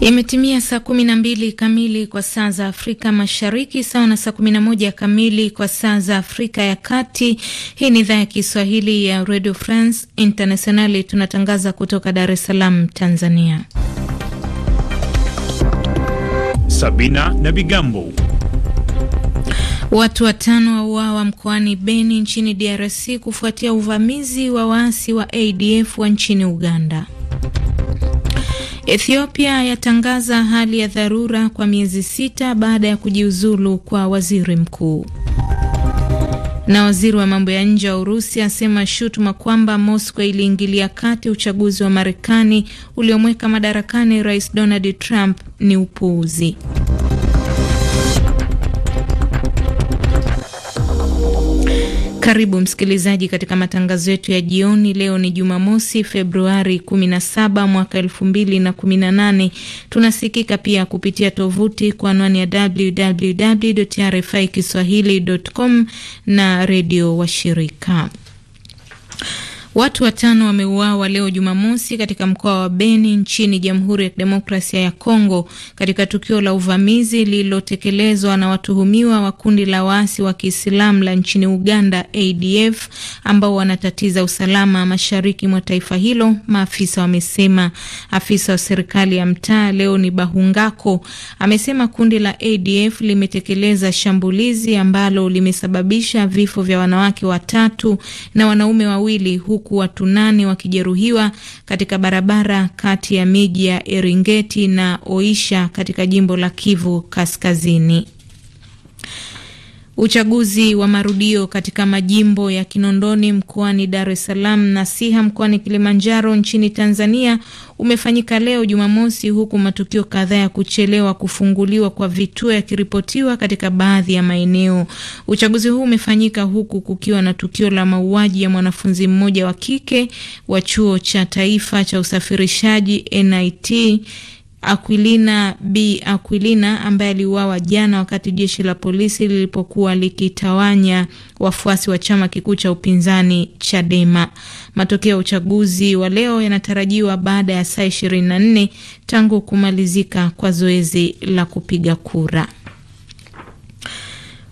Imetimia saa 12 kamili kwa saa za Afrika Mashariki, sawa na saa 11 kamili kwa saa za Afrika ya Kati. Hii ni idhaa ya Kiswahili ya Radio France Internationali, tunatangaza kutoka Dar es Salaam, Tanzania. Sabina na Bigambo. Watu watano wauawa mkoani Beni nchini DRC kufuatia uvamizi wa waasi wa ADF wa nchini Uganda. Ethiopia yatangaza hali ya dharura kwa miezi sita baada ya kujiuzulu kwa waziri mkuu. Na waziri wa mambo ya nje wa Urusi asema shutuma kwamba Moscow iliingilia kati uchaguzi wa Marekani uliomweka madarakani Rais Donald Trump ni upuuzi. Karibu msikilizaji katika matangazo yetu ya jioni. Leo ni Jumamosi, Februari 17 mwaka 2018. Tunasikika pia kupitia tovuti kwa anwani ya www RFI kiswahili.com na redio washirika. Watu watano wameuawa leo Jumamosi katika mkoa wa Beni nchini Jamhuri ya Demokrasia ya Kongo katika tukio la uvamizi lililotekelezwa na watuhumiwa wa kundi la waasi wa Kiislamu la nchini Uganda ADF ambao wanatatiza usalama mashariki mwa taifa hilo, maafisa wamesema. Afisa wa serikali ya mtaa leo ni Bahungako amesema kundi la ADF limetekeleza shambulizi ambalo limesababisha vifo vya wanawake watatu na wanaume wawili huko huku watu nane wakijeruhiwa katika barabara kati ya miji ya Eringeti na Oisha katika jimbo la Kivu Kaskazini. Uchaguzi wa marudio katika majimbo ya Kinondoni mkoani Dar es Salaam na Siha mkoani Kilimanjaro nchini Tanzania umefanyika leo Jumamosi, huku matukio kadhaa ya kuchelewa kufunguliwa kwa vituo yakiripotiwa katika baadhi ya maeneo. Uchaguzi huu umefanyika huku kukiwa na tukio la mauaji ya mwanafunzi mmoja wa kike wa Chuo cha Taifa cha Usafirishaji NIT Aquilina B Aquilina ambaye aliuawa jana wakati jeshi la polisi lilipokuwa likitawanya wafuasi wa chama kikuu cha upinzani Chadema. Matokeo ya uchaguzi wa leo yanatarajiwa baada ya saa 24 tangu kumalizika kwa zoezi la kupiga kura.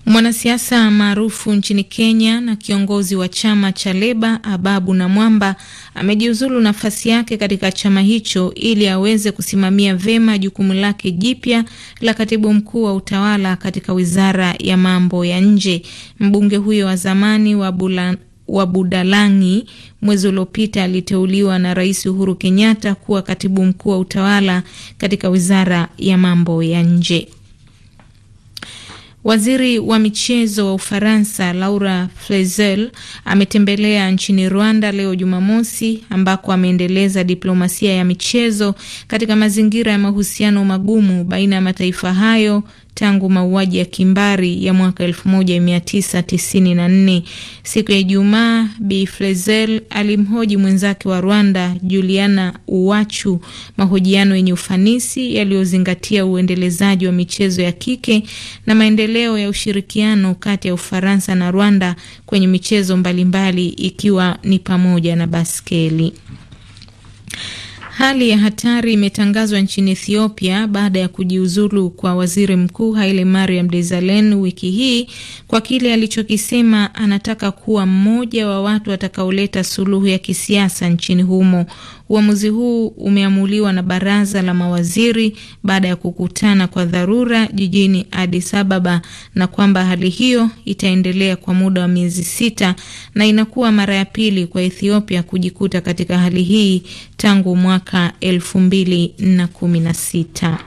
Mwanasiasa maarufu nchini Kenya na kiongozi wa chama cha Leba Ababu Namwamba amejiuzulu nafasi yake katika chama hicho ili aweze kusimamia vema jukumu lake jipya la katibu mkuu wa utawala katika wizara ya mambo ya nje. Mbunge huyo wa zamani wa Bula wa Budalangi mwezi uliopita aliteuliwa na Rais Uhuru Kenyatta kuwa katibu mkuu wa utawala katika wizara ya mambo ya nje. Waziri wa michezo wa Ufaransa Laura Flessel ametembelea nchini Rwanda leo Jumamosi, ambako ameendeleza diplomasia ya michezo katika mazingira ya mahusiano magumu baina ya mataifa hayo tangu mauaji ya kimbari ya mwaka 1994. Siku ya Ijumaa, Bi Flezel alimhoji mwenzake wa Rwanda Juliana Uwachu, mahojiano yenye ufanisi yaliyozingatia uendelezaji wa michezo ya kike na maendeleo ya ushirikiano kati ya Ufaransa na Rwanda kwenye michezo mbalimbali mbali, ikiwa ni pamoja na baskeli. Hali ya hatari imetangazwa nchini Ethiopia baada ya kujiuzulu kwa waziri mkuu Haile Mariam Desalegn wiki hii kwa kile alichokisema anataka kuwa mmoja wa watu watakaoleta suluhu ya kisiasa nchini humo. Uamuzi huu umeamuliwa na baraza la mawaziri baada ya kukutana kwa dharura jijini Addis Ababa, na kwamba hali hiyo itaendelea kwa muda wa miezi sita na inakuwa mara ya pili kwa Ethiopia kujikuta katika hali hii tangu mwaka elfu mbili na kumi na sita.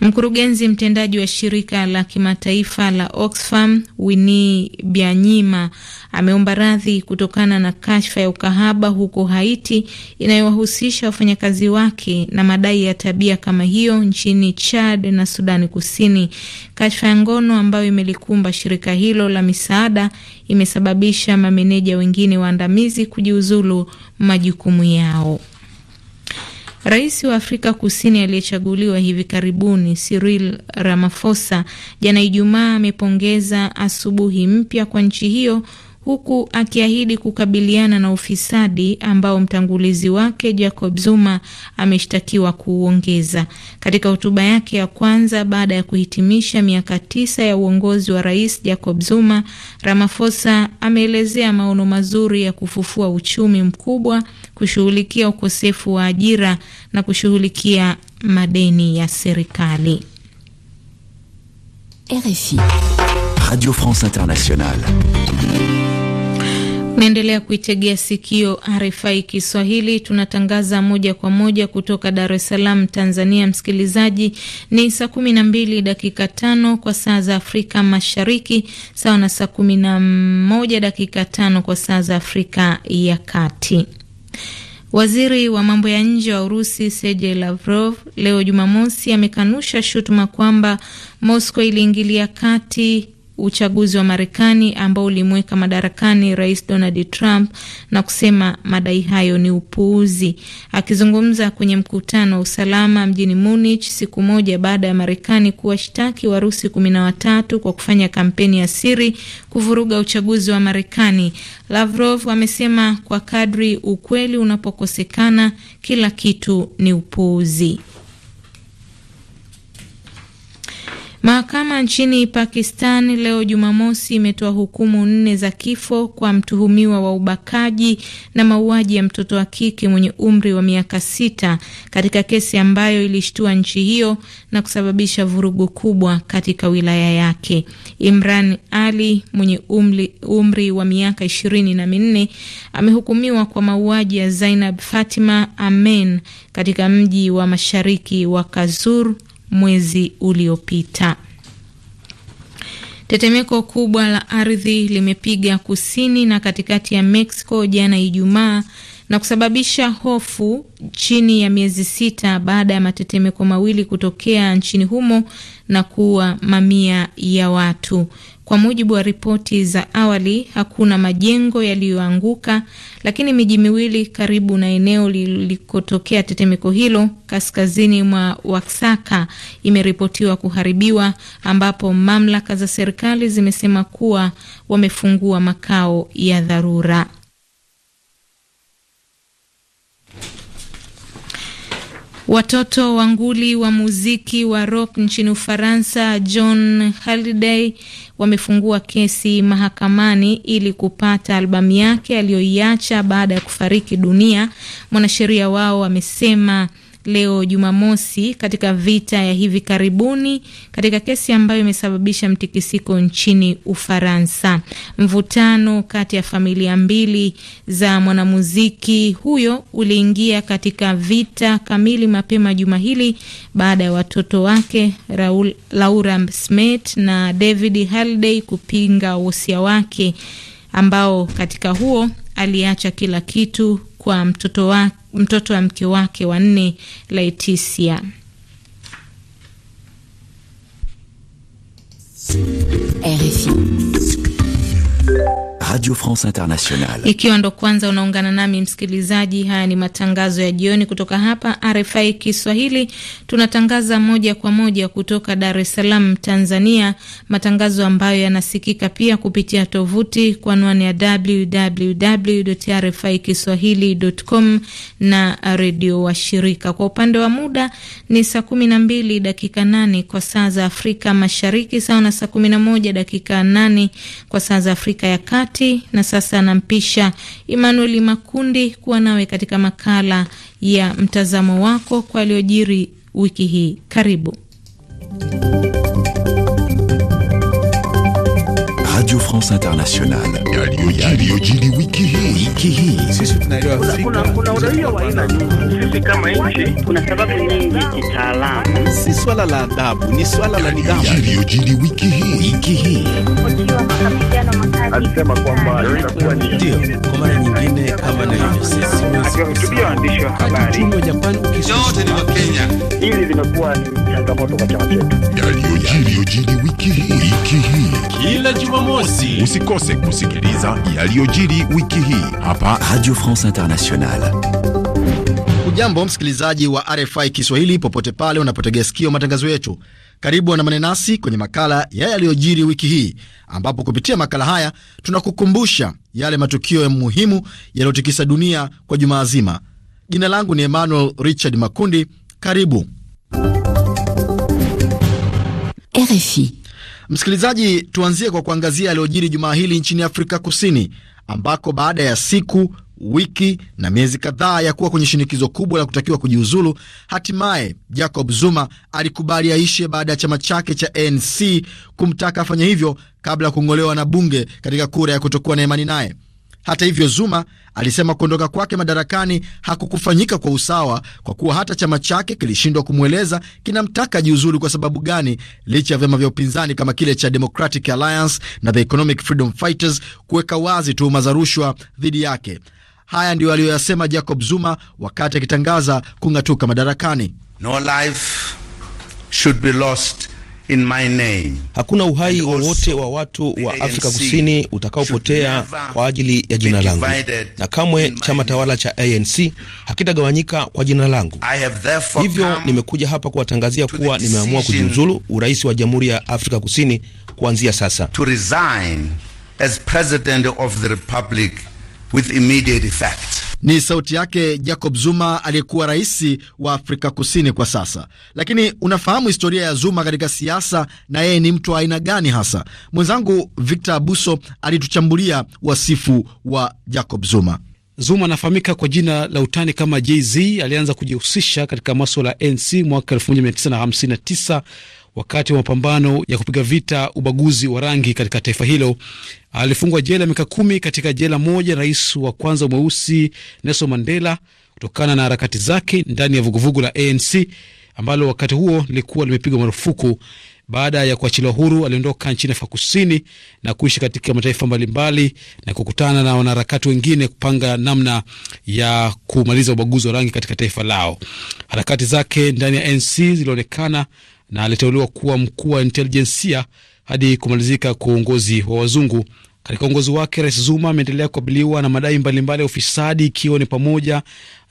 Mkurugenzi mtendaji wa shirika la kimataifa la Oxfam Winnie Byanyima ameomba radhi kutokana na kashfa ya ukahaba huko Haiti inayowahusisha wafanyakazi wake na madai ya tabia kama hiyo nchini Chad na Sudani Kusini. Kashfa ya ngono ambayo imelikumba shirika hilo la misaada imesababisha mameneja wengine waandamizi kujiuzulu majukumu yao. Rais wa Afrika Kusini aliyechaguliwa hivi karibuni Cyril Ramaphosa jana Ijumaa amepongeza asubuhi mpya kwa nchi hiyo huku akiahidi kukabiliana na ufisadi ambao mtangulizi wake Jacob Zuma ameshtakiwa kuuongeza. Katika hotuba yake ya kwanza baada ya kuhitimisha miaka tisa ya uongozi wa Rais Jacob Zuma, Ramaphosa ameelezea maono mazuri ya kufufua uchumi mkubwa kushughulikia ukosefu wa ajira na kushughulikia madeni ya serikali. RFI Radio France Internationale. Naendelea kuitegea sikio RFI Kiswahili, tunatangaza moja kwa moja kutoka Dar es Salaam, Tanzania. Msikilizaji, ni saa kumi na mbili dakika tano kwa saa za Afrika Mashariki, sawa na saa kumi na moja dakika tano kwa saa za Afrika ya Kati. Waziri wa mambo ya nje wa Urusi Sergei Lavrov leo Jumamosi amekanusha shutuma kwamba Moscow iliingilia kati uchaguzi wa Marekani ambao ulimweka madarakani Rais Donald Trump na kusema madai hayo ni upuuzi. Akizungumza kwenye mkutano wa usalama mjini Munich siku moja baada ya Marekani kuwashtaki Warusi kumi na watatu kwa kufanya kampeni ya siri kuvuruga uchaguzi wa Marekani, Lavrov amesema kwa kadri ukweli unapokosekana, kila kitu ni upuuzi. Mahakama nchini Pakistan leo Jumamosi imetoa hukumu nne za kifo kwa mtuhumiwa wa ubakaji na mauaji ya mtoto wa kike mwenye umri wa miaka sita katika kesi ambayo ilishtua nchi hiyo na kusababisha vurugu kubwa katika wilaya yake. Imran Ali mwenye umri, umri wa miaka ishirini na minne amehukumiwa kwa mauaji ya Zainab Fatima Amen katika mji wa mashariki wa Kazur mwezi uliopita. Tetemeko kubwa la ardhi limepiga kusini na katikati ya Mexico jana Ijumaa na kusababisha hofu chini ya miezi sita baada ya matetemeko mawili kutokea nchini humo na kuua mamia ya watu. Kwa mujibu wa ripoti za awali, hakuna majengo yaliyoanguka, lakini miji miwili karibu na eneo lilikotokea tetemeko hilo kaskazini mwa waksaka imeripotiwa kuharibiwa, ambapo mamlaka za serikali zimesema kuwa wamefungua makao ya dharura. Watoto wa nguli wa muziki wa rock nchini Ufaransa, John haliday wamefungua kesi mahakamani ili kupata albamu yake aliyoiacha baada ya kufariki dunia. Mwanasheria wao amesema leo Jumamosi katika vita ya hivi karibuni katika kesi ambayo imesababisha mtikisiko nchini Ufaransa. Mvutano kati ya familia mbili za mwanamuziki huyo uliingia katika vita kamili mapema juma hili baada ya watoto wake Raul, Laura Smith na David halday kupinga wosia wake ambao katika huo aliacha kila kitu kwa mtoto wake mtoto wa mke wake wa nne Laetitia. RFI. Radio France Internationale. Ikiwa ndo kwanza unaungana nami msikilizaji, haya ni matangazo ya jioni kutoka hapa RFI Kiswahili. Tunatangaza moja kwa moja kutoka Dar es Salaam, Tanzania, matangazo ambayo yanasikika pia kupitia tovuti kwa anwani ya www RFI kiswahilicom na redio washirika. Kwa upande wa muda ni saa 12 dakika 8 kwa saa za Afrika Mashariki, sawa na saa 11 dakika 8 kwa saa za Afrika ya Kati Nati, na sasa anampisha Emmanuel Makundi kuwa nawe katika makala ya mtazamo wako kwa aliyojiri wiki hii. Karibu Radio France Internationale. Yaliyojiri wiki hii. Kuna uraia wa aina nyingi. Sisi kama nchi sababu nyingi kitaalamu si swala la adhabu, ni swala la nidhamu. Iliyojiri wiki hii wiki hii alisema kwamba itakuwa ni ndio kwa mara nyingine, kama nilivyohutubia waandishi wa habari, yote ni Wakenya. Hili limekuwa ni changamoto kwa chama chetu. Yaliyojiri wiki hii wiki hii, kila Jumamosi usikose kusikiliza yaliyojiri wiki hii hapa Radio France Internationale ujambo msikilizaji wa RFI Kiswahili popote pale unapotegea sikio matangazo yetu, karibu andamane nasi kwenye makala yaye yaliyojiri wiki hii, ambapo kupitia makala haya tunakukumbusha yale matukio ya muhimu yaliyotikisa dunia kwa jumaa zima. Jina langu ni Emmanuel Richard Makundi, karibu RFI. Msikilizaji, tuanzie kwa kuangazia yaliyojiri jumaa hili nchini Afrika Kusini, ambako baada ya siku wiki na miezi kadhaa ya kuwa kwenye shinikizo kubwa la kutakiwa kujiuzulu, hatimaye Jacob Zuma alikubali aishe baada ya chama chake cha ANC kumtaka afanye hivyo kabla ya kung'olewa na bunge katika kura ya kutokuwa na imani naye. Hata hivyo, Zuma alisema kuondoka kwake madarakani hakukufanyika kwa usawa kwa kuwa hata chama chake kilishindwa kumweleza kinamtaka jiuzulu kwa sababu gani, licha ya vyama vya upinzani kama kile cha Democratic Alliance na the Economic Freedom Fighters kuweka wazi tuhuma za rushwa dhidi yake. Haya ndiyo aliyoyasema Jacob Zuma wakati akitangaza kung'atuka madarakani. No life should be lost in my name. Hakuna uhai wowote wa watu wa Afrika Kusini utakaopotea kwa ajili ya jina langu, na kamwe chama tawala cha ANC hakitagawanyika kwa jina langu. Hivyo nimekuja hapa kuwatangazia kuwa nimeamua kujiuzulu urais wa Jamhuri ya Afrika Kusini kuanzia sasa. To resign as president of the republic with immediate effect. Ni sauti yake Jacob Zuma aliyekuwa rais wa Afrika Kusini kwa sasa. Lakini unafahamu historia ya Zuma katika siasa na yeye ni mtu wa aina gani hasa? Mwenzangu Victor Abuso alituchambulia wasifu wa Jacob Zuma. Zuma anafahamika kwa jina la utani kama jz Alianza kujihusisha katika maswala ya ANC mwaka 1959 wakati wa mapambano ya kupiga vita ubaguzi wa rangi katika taifa hilo. Alifungwa jela miaka kumi katika jela moja, rais wa kwanza mweusi Nelson Mandela, kutokana na harakati zake ndani ya vuguvugu la ANC ambalo wakati huo lilikuwa limepigwa marufuku. Baada ya kuachiliwa huru, aliondoka nchini Afrika Kusini na kuishi katika mataifa mbalimbali na kukutana na wanaharakati wengine kupanga namna ya kumaliza ubaguzi wa rangi katika taifa lao. Harakati zake ndani ya ANC zilionekana na aliteuliwa kuwa mkuu wa intelijensia hadi kumalizika kwa uongozi wa wazungu. Katika uongozi wake, Rais Zuma ameendelea kukabiliwa na madai mbalimbali ya ufisadi, ikiwa ni pamoja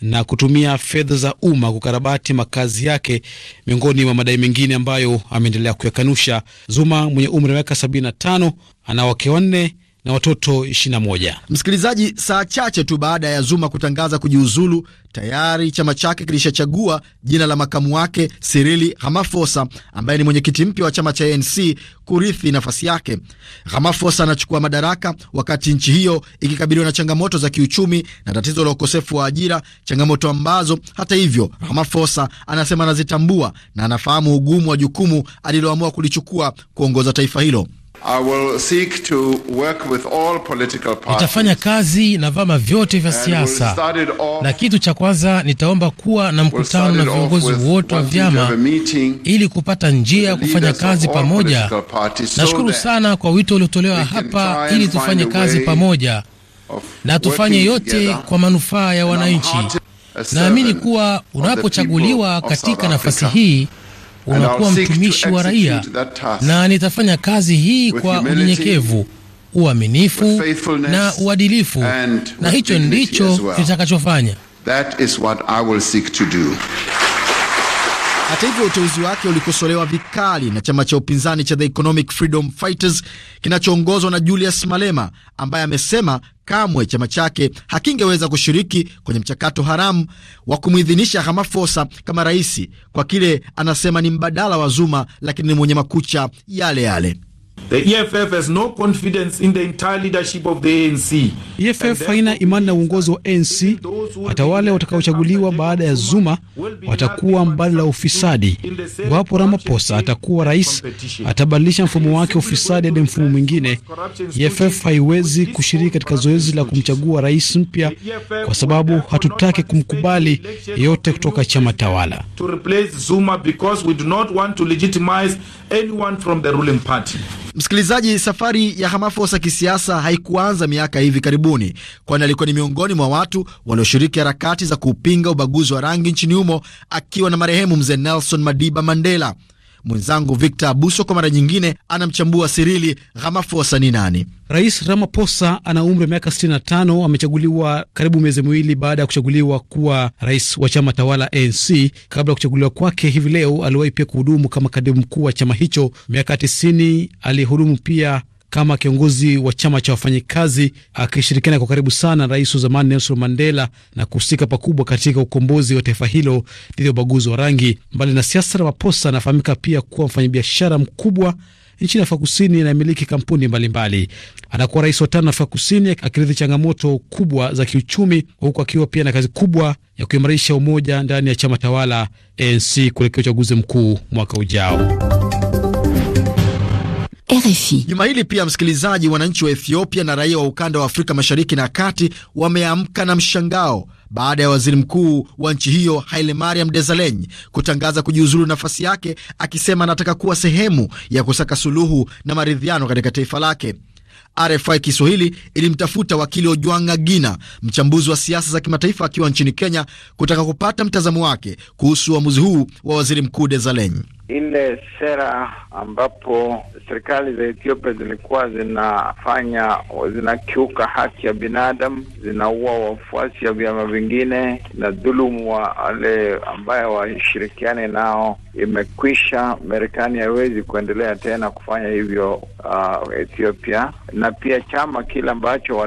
na kutumia fedha za umma kukarabati makazi yake, miongoni mwa madai mengine ambayo ameendelea kuyakanusha. Zuma mwenye umri wa miaka 75 ana wake wanne na watoto 21. Msikilizaji, saa chache tu baada ya Zuma kutangaza kujiuzulu, tayari chama chake kilishachagua jina la makamu wake sirili ramafosa ambaye ni mwenyekiti mpya wa chama cha ANC kurithi nafasi yake. ramafosa anachukua madaraka wakati nchi hiyo ikikabiliwa na changamoto za kiuchumi na tatizo la ukosefu wa ajira, changamoto ambazo hata hivyo ramafosa anasema anazitambua na anafahamu ugumu wa jukumu aliloamua kulichukua kuongoza taifa hilo. Nitafanya kazi na vyama vyote vya siasa, na kitu cha kwanza nitaomba kuwa na mkutano na viongozi wote wa vyama ili kupata njia ya kufanya kazi pamoja. Nashukuru sana kwa wito uliotolewa hapa, ili tufanye kazi pamoja na tufanye yote kwa manufaa ya wananchi. Naamini kuwa unapochaguliwa katika nafasi hii unakuwa mtumishi wa raia, na nitafanya kazi hii kwa unyenyekevu, uaminifu na uadilifu, na hicho ndicho nitakachofanya. Hata hivyo uteuzi wake ulikosolewa vikali na chama cha upinzani cha The Economic Freedom Fighters kinachoongozwa na Julius Malema ambaye amesema kamwe chama chake hakingeweza kushiriki kwenye mchakato haramu wa kumwidhinisha Ramaphosa kama rais kwa kile anasema ni mbadala wa Zuma, lakini ni mwenye makucha yale yale. The EFF has no confidence in the entire leadership of the ANC. EFF haina imani na uongozi wa ANC. Hata wale watakaochaguliwa baada ya Zuma watakuwa mbali wa ufisadi. Iwapo Ramaphosa atakuwa rais, atabadilisha mfumo wake wa ufisadi hadi mfumo mwingine. EFF e haiwezi kushiriki katika zoezi la kumchagua rais mpya e kwa sababu hatutaki kumkubali yeyote kutoka chama tawala. To replace Zuma because we do not want to legitimize anyone from the ruling party. Msikilizaji, safari ya Ramaphosa kisiasa haikuanza miaka hivi karibuni, kwani alikuwa ni miongoni mwa watu walioshiriki harakati za kuupinga ubaguzi wa rangi nchini humo akiwa na marehemu mzee Nelson Madiba Mandela. Mwenzangu Victor Abuso kwa mara nyingine anamchambua Sirili ramafosa ni nani. Rais Ramaphosa ana umri wa miaka 65, amechaguliwa karibu miezi miwili baada ya kuchaguliwa kuwa rais wa chama tawala ANC. Kabla ya kuchaguliwa kwake hivi leo, aliwahi pia kuhudumu kama katibu mkuu wa chama hicho miaka 90. Alihudumu pia kama kiongozi wa chama cha wafanyikazi akishirikiana kwa karibu sana rais wa zamani Nelson Mandela na kuhusika pakubwa katika ukombozi wa taifa hilo dhidi ya ubaguzi wa rangi. Mbali na siasa, Ramaphosa anafahamika pia kuwa mfanyabiashara mkubwa nchini Afrika Kusini inayomiliki kampuni mbalimbali. Anakuwa rais wa tano Afrika Kusini akirithi changamoto kubwa za kiuchumi, huku akiwa pia na kazi kubwa ya kuimarisha umoja ndani ya chama tawala ANC kuelekea uchaguzi mkuu mwaka ujao. RFI. Juma hili pia, msikilizaji, wananchi wa Ethiopia na raia wa ukanda wa Afrika Mashariki na Kati wameamka na mshangao baada ya waziri mkuu wa nchi hiyo Hailemariam Desalegn kutangaza kujiuzulu nafasi yake, akisema anataka kuwa sehemu ya kusaka suluhu na maridhiano katika taifa lake. RFI Kiswahili ilimtafuta wakili Ojwanga Gina, mchambuzi wa siasa za kimataifa akiwa nchini Kenya, kutaka kupata mtazamo wake kuhusu uamuzi huu wa waziri mkuu Desalegn ile sera ambapo serikali za Ethiopia zilikuwa zinafanya zinakiuka haki ya binadamu, zinaua wafuasi ya vyama vingine na dhulumu wale ambaye washirikiane nao imekwisha. Marekani haiwezi kuendelea tena kufanya hivyo uh, Ethiopia. Na pia chama kile ambacho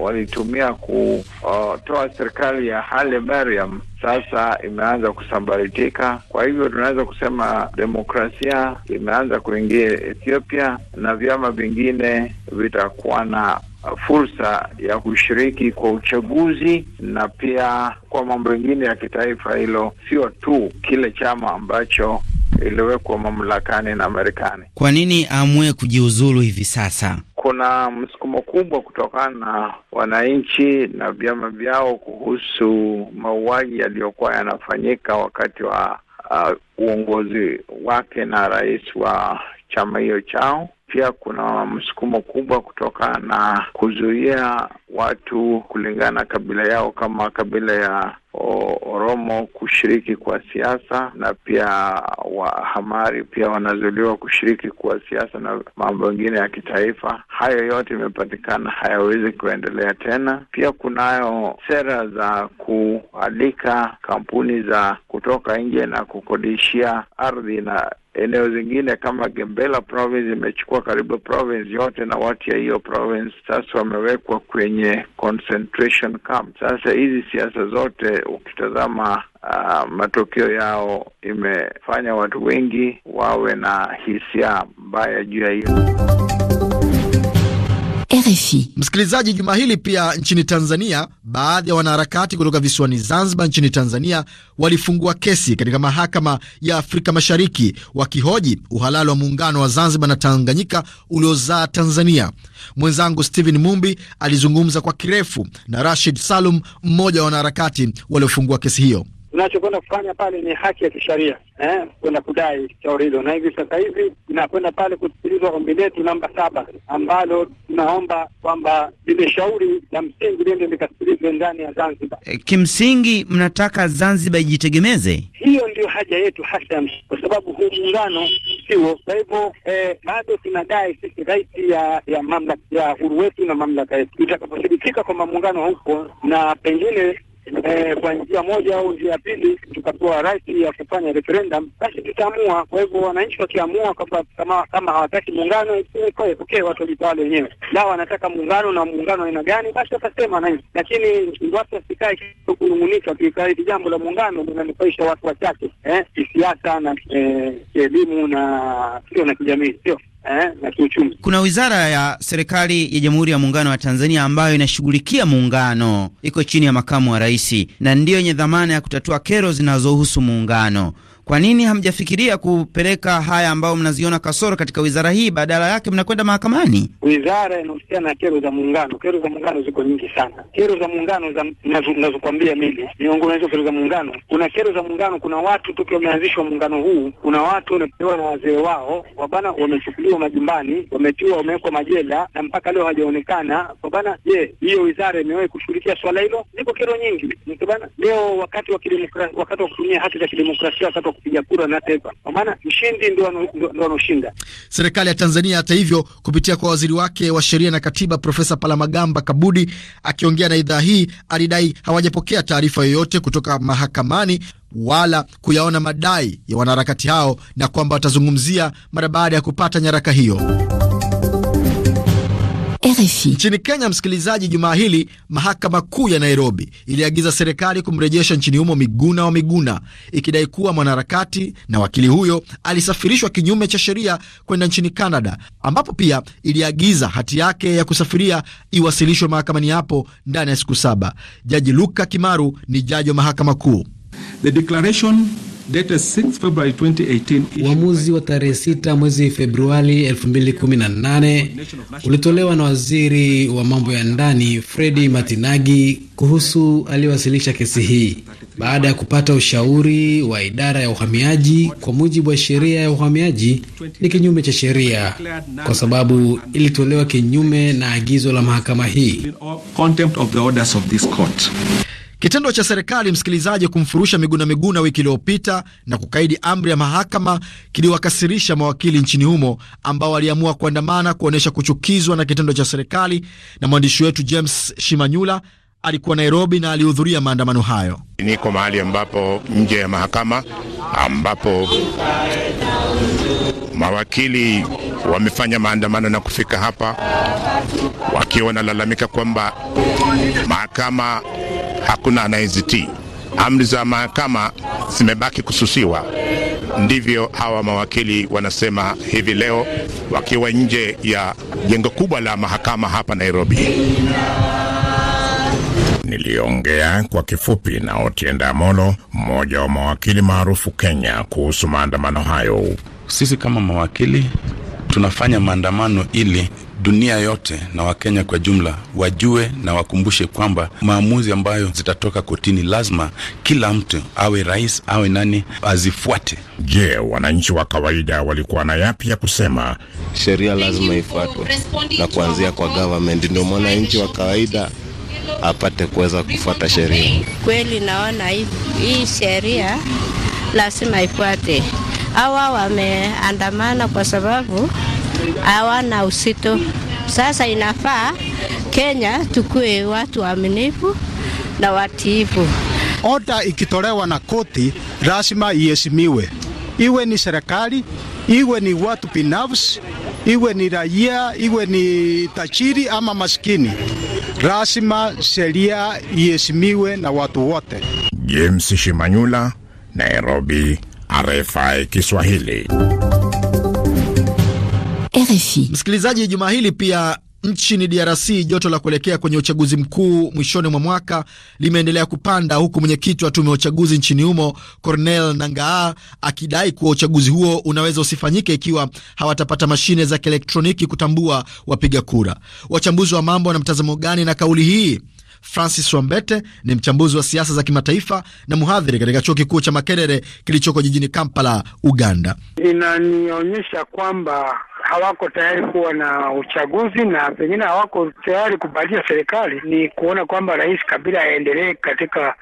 walitumia kutoa uh, serikali ya Haile Mariam sasa imeanza kusambaratika. Kwa hivyo tunaweza kusema demokrasia imeanza kuingia Ethiopia na vyama vingine vitakuwa na fursa ya kushiriki kwa uchaguzi na pia kwa mambo mengine ya kitaifa. Hilo sio tu kile chama ambacho iliwekwa mamlakani na Marekani. Kwa nini aamue kujiuzulu hivi sasa? Kuna msukumo kubwa kutokana na wananchi na vyama vyao kuhusu mauaji yaliyokuwa yanafanyika wakati wa uh, uongozi wake na rais wa chama hiyo chao pia kuna msukumo kubwa kutoka na kuzuia watu kulingana kabila yao kama kabila ya o, Oromo kushiriki kwa siasa na pia Wahamari pia wanazuiliwa kushiriki kwa siasa na mambo mengine ya kitaifa. Hayo yote imepatikana hayawezi kuendelea tena. Pia kunayo sera za kualika kampuni za kutoka nje na kukodishia ardhi na eneo zingine kama Gembela province imechukua karibu province yote, na watu ya hiyo province sasa wamewekwa kwenye concentration camp. Sasa hizi siasa zote ukitazama, uh, matokeo yao imefanya watu wengi wawe na hisia mbaya juu ya hiyo RFI. Msikilizaji, juma hili pia nchini Tanzania, baadhi ya wanaharakati kutoka visiwani Zanzibar nchini Tanzania walifungua kesi katika mahakama ya Afrika Mashariki wakihoji uhalali wa muungano wa Zanzibar na Tanganyika uliozaa Tanzania. Mwenzangu stephen Mumbi alizungumza kwa kirefu na Rashid Salum, mmoja wa wanaharakati waliofungua kesi hiyo tunachokwenda kufanya pale ni haki ya kisheria eh, kwenda kudai shauri hilo, na hivi sasa hivi tunakwenda pale kusikilizwa ombi letu namba saba ambalo tunaomba kwamba lile shauri la msingi liende likasikilizwe ndani ya Zanzibar. E, kimsingi mnataka Zanzibar ijitegemeze. Hiyo ndio haja yetu hasa, kwa sababu huu muungano sio. Kwa hivyo eh, bado tunadai sisi raisi ya ya mamlaka ya uhuru wetu na mamlaka yetu itakapothibitika kwamba muungano huko na pengine e, kwa njia moja au njia ya pili tukapewa right ya kufanya referendum, basi tutaamua. Kwa hivyo wananchi wakiamua kwamba kama kama hawataki muungano, okay, watu wajitawale wenyewe. La, wanataka muungano na muungano aina gani, basi watasema wananchi, lakini watu wasikae kunung'unika kiikaidi jambo la muungano linanufaisha watu wachache eh, kisiasa na eh, kielimu eh, na sio na kijamii, sio Eh, na kiuchumi. Kuna wizara ya serikali ya Jamhuri ya Muungano wa Tanzania ambayo inashughulikia muungano, iko chini ya makamu wa rais, na ndiyo yenye dhamana ya kutatua kero zinazohusu muungano. Kwa nini hamjafikiria kupeleka haya ambayo mnaziona kasoro katika wizara hii, badala yake mnakwenda mahakamani? Wizara inahusiana na kero za muungano. Kero za muungano ziko nyingi sana. Kero za muungano nazokwambia mimi, miongoni mwa hizo kero za muungano kuna kero za muungano, kuna watu toki wameanzishwa muungano huu, kuna watu wamepewa na wazee wao wabana, wamechukuliwa majumbani, wametiwa, wamewekwa majela na mpaka leo hajaonekana wabana. Je, hiyo wizara imewahi kushughulikia swala hilo? Ziko kero nyingi bana. Leo wakati wa kidemokrasia, wakati wa kutumia haki za kidemokrasia, wakati wa kupiga kura na taifa, kwa maana mshindi ndio anaoshinda. Serikali ya Tanzania, hata hivyo, kupitia kwa waziri wake wa sheria na katiba Profesa Palamagamba Kabudi, akiongea na idhaa hii, alidai hawajapokea taarifa yoyote kutoka mahakamani wala kuyaona madai ya wanaharakati hao na kwamba watazungumzia mara baada ya kupata nyaraka hiyo. RFI. Nchini Kenya, msikilizaji, jumaa hili mahakama kuu ya Nairobi iliagiza serikali kumrejesha nchini humo Miguna wa Miguna ikidai kuwa mwanaharakati na wakili huyo alisafirishwa kinyume cha sheria kwenda nchini Canada, ambapo pia iliagiza hati yake ya kusafiria iwasilishwe mahakamani hapo ndani ya siku saba. Jaji Luka Kimaru ni jaji wa mahakama kuu. The declaration Uamuzi wa tarehe 6 mwezi Februari 2018 ulitolewa na waziri wa mambo ya ndani Fredi Matinagi kuhusu aliyewasilisha kesi hii baada ya kupata ushauri wa idara ya uhamiaji kwa mujibu wa sheria ya uhamiaji ni kinyume cha sheria kwa sababu ilitolewa kinyume na agizo la mahakama hii. Kitendo cha serikali msikilizaji, kumfurusha Miguna Miguna wiki iliyopita na kukaidi amri ya mahakama kiliwakasirisha mawakili nchini humo ambao waliamua kuandamana kuonyesha kuchukizwa na kitendo cha serikali. Na mwandishi wetu James Shimanyula alikuwa Nairobi na alihudhuria maandamano hayo. Niko mahali ambapo nje ya mahakama ambapo mawakili wamefanya maandamano na kufika hapa wakiwa wanalalamika kwamba mahakama hakuna anayezitii amri za mahakama zimebaki kususiwa. Ndivyo hawa mawakili wanasema hivi leo wakiwa nje ya jengo kubwa la mahakama hapa Nairobi. Niliongea kwa kifupi na Otienda molo mmoja wa mawakili maarufu Kenya, kuhusu maandamano hayo. Sisi kama mawakili tunafanya maandamano ili dunia yote na Wakenya kwa jumla wajue na wakumbushe kwamba maamuzi ambayo zitatoka kotini lazima kila mtu awe rais awe nani azifuate. Je, wananchi wa kawaida walikuwa na yapi ya kusema? Sheria lazima ifuatwe na kuanzia kwa government, ndio mwananchi wa kawaida apate kuweza kufuata sheria. Kweli naona hii, hii sheria lazima ifuate. Hawa wameandamana kwa sababu hawana usito. Sasa inafaa Kenya tukue watu waaminifu na watiifu. Oda ikitolewa na koti lazima iheshimiwe, iwe ni serikali, iwe ni watu binafsi iwe ni raia, iwe ni tajiri ama maskini, lazima sheria iheshimiwe na watu wote. James Shimanyula, Nairobi, RFI Kiswahili. RFI. Msikilizaji, juma hili pia Nchini DRC joto la kuelekea kwenye uchaguzi mkuu mwishoni mwa mwaka limeendelea kupanda huku mwenyekiti wa tume ya uchaguzi nchini humo Cornel Nangaa akidai kuwa uchaguzi huo unaweza usifanyike ikiwa hawatapata mashine za kielektroniki kutambua wapiga kura. Wachambuzi wa mambo wana mtazamo gani na kauli hii? Francis Wambete ni mchambuzi wa siasa za kimataifa na mhadhiri katika chuo kikuu cha Makerere kilichoko jijini Kampala, Uganda. Inanionyesha kwamba hawako tayari kuwa na uchaguzi na pengine hawako tayari kubadia serikali. Ni kuona kwamba Rais Kabila aendelee katika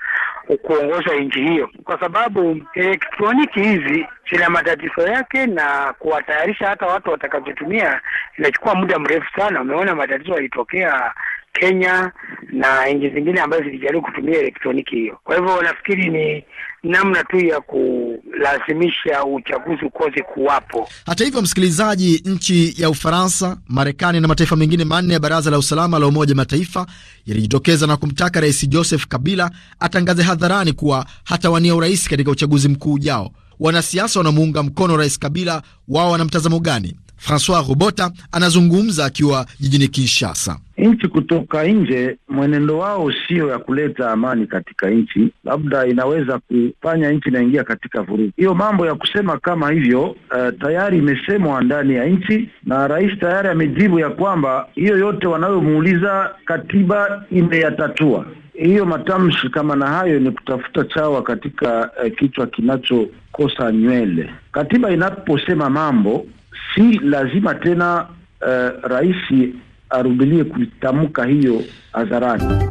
kuongoza nchi hiyo, kwa sababu elektroniki hizi zina matatizo yake, na kuwatayarisha hata watu watakavyotumia inachukua muda mrefu sana. Umeona matatizo yalitokea Kenya na nchi zingine ambazo zilijaribu kutumia elektroniki hiyo. Kwa hivyo nafikiri ni namna tu ya kulazimisha uchaguzi ukoze kuwapo. Hata hivyo, msikilizaji, nchi ya Ufaransa, Marekani na mataifa mengine manne ya Baraza la Usalama la Umoja Mataifa yalijitokeza na kumtaka Rais Joseph Kabila atangaze hadharani kuwa hatawania urais katika uchaguzi mkuu ujao. Wanasiasa wanamuunga mkono Rais Kabila, wao wana mtazamo gani? Francois Robota anazungumza akiwa jijini Kinshasa. Nchi kutoka nje, mwenendo wao sio ya kuleta amani katika nchi, labda inaweza kufanya nchi inaingia katika vurugu. Hiyo mambo ya kusema kama hivyo uh, tayari imesemwa ndani ya nchi, na rais tayari amejibu ya kwamba hiyo yote wanayomuuliza katiba imeyatatua. Hiyo matamshi kama na hayo ni kutafuta chawa katika uh, kichwa kinachokosa nywele. Katiba inaposema mambo si lazima tena uh, rais arudilie kuitamka hiyo hadharani.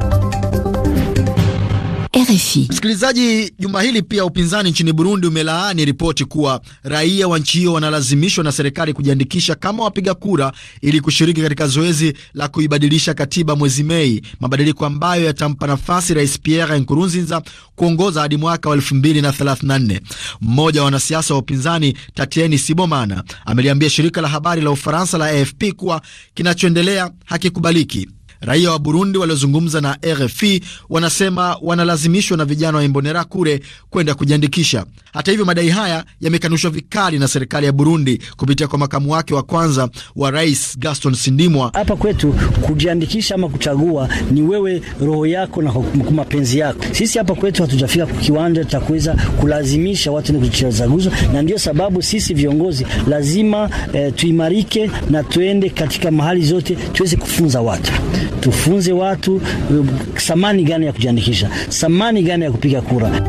RFI. Msikilizaji, juma hili pia upinzani nchini Burundi umelaani ripoti kuwa raia wa nchi hiyo wanalazimishwa na serikali kujiandikisha kama wapiga kura ili kushiriki katika zoezi la kuibadilisha katiba mwezi Mei, mabadiliko ambayo yatampa nafasi Rais Pierre Nkurunziza kuongoza hadi mwaka wa 2034. Mmoja wa wanasiasa wa upinzani Tatieni Sibomana ameliambia shirika la habari la Ufaransa la AFP kuwa kinachoendelea hakikubaliki. Raia wa Burundi waliozungumza na RFI wanasema wanalazimishwa na vijana wa Imbonerakure kwenda kujiandikisha. Hata hivyo, madai haya yamekanushwa vikali na serikali ya Burundi kupitia kwa makamu wake wa kwanza wa rais Gaston Sindimwa. Hapa kwetu kujiandikisha ama kuchagua ni wewe, roho yako na mapenzi yako. Sisi hapa kwetu hatujafika kiwanja cha kuweza kulazimisha watu ni kuchaguzwa, na ndio sababu sisi viongozi lazima eh, tuimarike na tuende katika mahali zote tuweze kufunza watu tufunze watu thamani eh, gani ya kujiandikisha, thamani gani ya kupiga kura.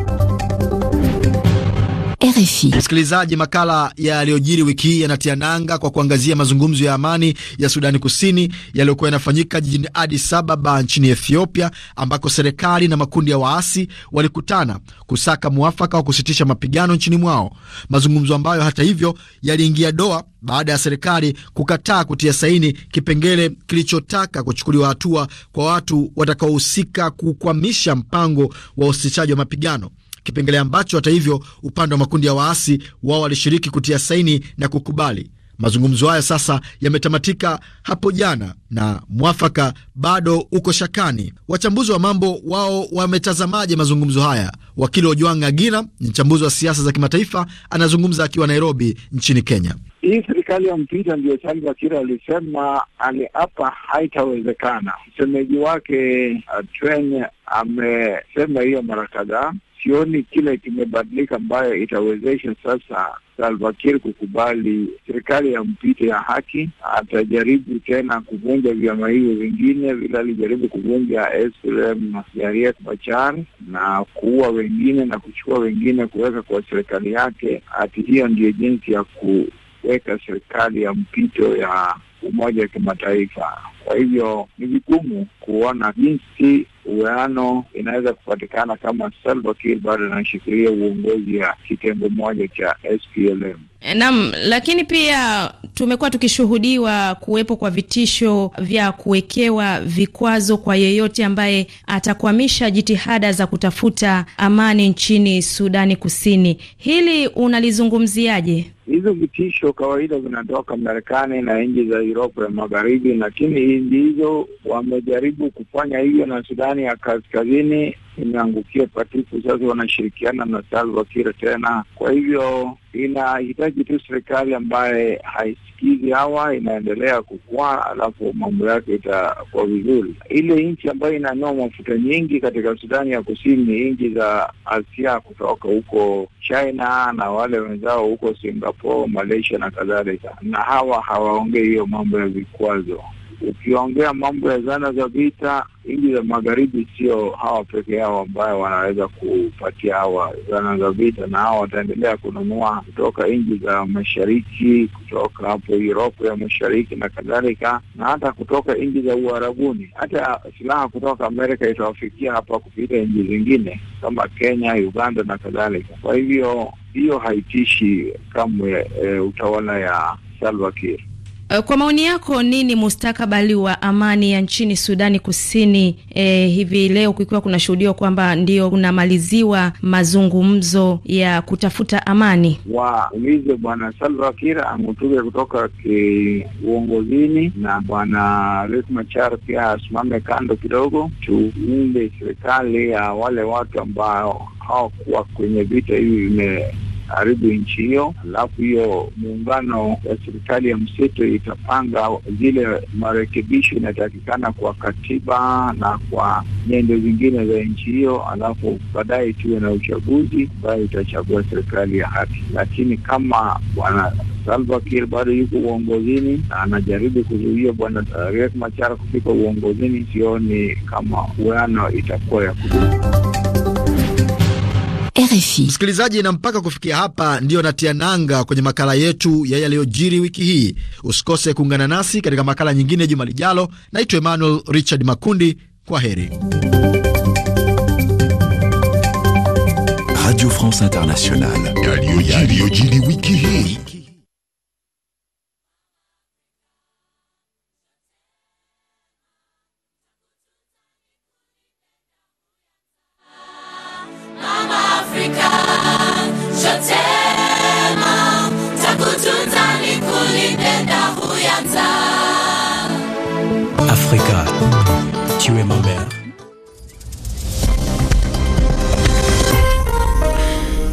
RFI. Msikilizaji, makala yaliyojiri wiki hii yanatia nanga kwa kuangazia mazungumzo ya amani ya Sudani Kusini yaliyokuwa yanafanyika jijini Addis Ababa nchini Ethiopia, ambako serikali na makundi ya waasi walikutana kusaka mwafaka wa kusitisha mapigano nchini mwao, mazungumzo ambayo hata hivyo yaliingia doa baada ya serikali kukataa kutia saini kipengele kilichotaka kuchukuliwa hatua kwa watu watakaohusika kukwamisha mpango wa usitishaji wa mapigano kipengele ambacho hata hivyo upande wa makundi ya waasi wao walishiriki kutia saini na kukubali. Mazungumzo hayo sasa yametamatika hapo jana na mwafaka bado uko shakani. Wachambuzi wa mambo wao wametazamaje mazungumzo haya? Wakili Ojwang' Agina ni mchambuzi wa siasa za kimataifa, anazungumza akiwa Nairobi nchini Kenya. Hii serikali ya mpita ndiyo Charles Bakira alisema aliapa haitawezekana. msemeji wake uh, Twen amesema hiyo mara kadhaa, sioni kile kimebadilika ambayo itawezesha sasa Salva Kiir kukubali serikali ya mpito ya haki. Atajaribu tena kuvunja vyama hivyo vingine vile alijaribu kuvunja SLM na Riek Machar na kuua wengine na kuchukua wengine kuweka kwa serikali yake. Ati hiyo ndiyo jinsi ya kuweka serikali ya mpito ya umoja wa kimataifa. Kwa hivyo ni vigumu kuona jinsi uano inaweza kupatikana kama Salva Kiir bado anashikilia uongozi wa kitengo moja cha SPLM. Naam, lakini pia tumekuwa tukishuhudiwa kuwepo kwa vitisho vya kuwekewa vikwazo kwa yeyote ambaye atakwamisha jitihada za kutafuta amani nchini Sudani Kusini. Hili unalizungumziaje? Hizo vitisho kawaida vinatoka Marekani na nchi za Uropa ya Magharibi, lakini Hindi hizo wamejaribu kufanya hiyo na Sudani ya Kaskazini imeangukia patifu. Sasa wanashirikiana na Salva Kiir tena. Kwa hivyo inahitaji tu serikali ambaye haisikizi hawa, inaendelea kukua, alafu mambo yake itakuwa vizuri. Ile nchi ambayo inanua mafuta nyingi katika Sudani ya Kusini, nchi za Asia kutoka huko China na wale wenzao huko Singapore, Malaysia na kadhalika, na hawa hawaongei hiyo mambo ya vikwazo ukiongea mambo ya zana za vita, nchi za magharibi sio hawa peke yao ambayo wanaweza kupatia hawa zana za vita, na hawa wataendelea kununua kutoka nchi za mashariki, kutoka hapo Uropa ya mashariki na kadhalika, na hata kutoka nchi za Uarabuni. Hata silaha kutoka Amerika itawafikia hapa kupita nchi zingine kama Kenya, Uganda na kadhalika. Kwa hivyo hiyo haitishi kamwe, e, utawala ya Salva Kiir. Eh, kwa maoni yako, nini mustakabali wa amani ya nchini Sudani Kusini e, hivi leo kukiwa kunashuhudiwa kwamba ndio unamaliziwa mazungumzo ya kutafuta amani? Waulize bwana Salva Kiir amutuge kutoka kiuongozini na bwana Riek Machar pia asimame kando kidogo, tuunde serikali ya wale watu ambao hawakuwa kwenye vita hivi vime karibu nchi hiyo. Alafu hiyo muungano wa serikali ya mseto itapanga zile marekebisho inatakikana kwa katiba na kwa nyendo zingine za nchi hiyo, alafu baadaye tuwe na uchaguzi ambayo itachagua serikali ya haki. Lakini kama bwana Salva Kiir bado yuko uongozini na anajaribu kuzuia bwana uh, Riek Machar kufika uongozini, sioni kama uano itakuwa ya kudumu. RFI. Msikilizaji, na mpaka kufikia hapa ndiyo natia nanga kwenye makala yetu ya yaliyojiri wiki hii. Usikose kuungana nasi katika makala nyingine juma lijalo. Naitwa Emmanuel Richard Makundi, kwa heri. Radio France Internationale. Yaliyojiri wiki hii. takutunza na huyanza. tu es ma mère.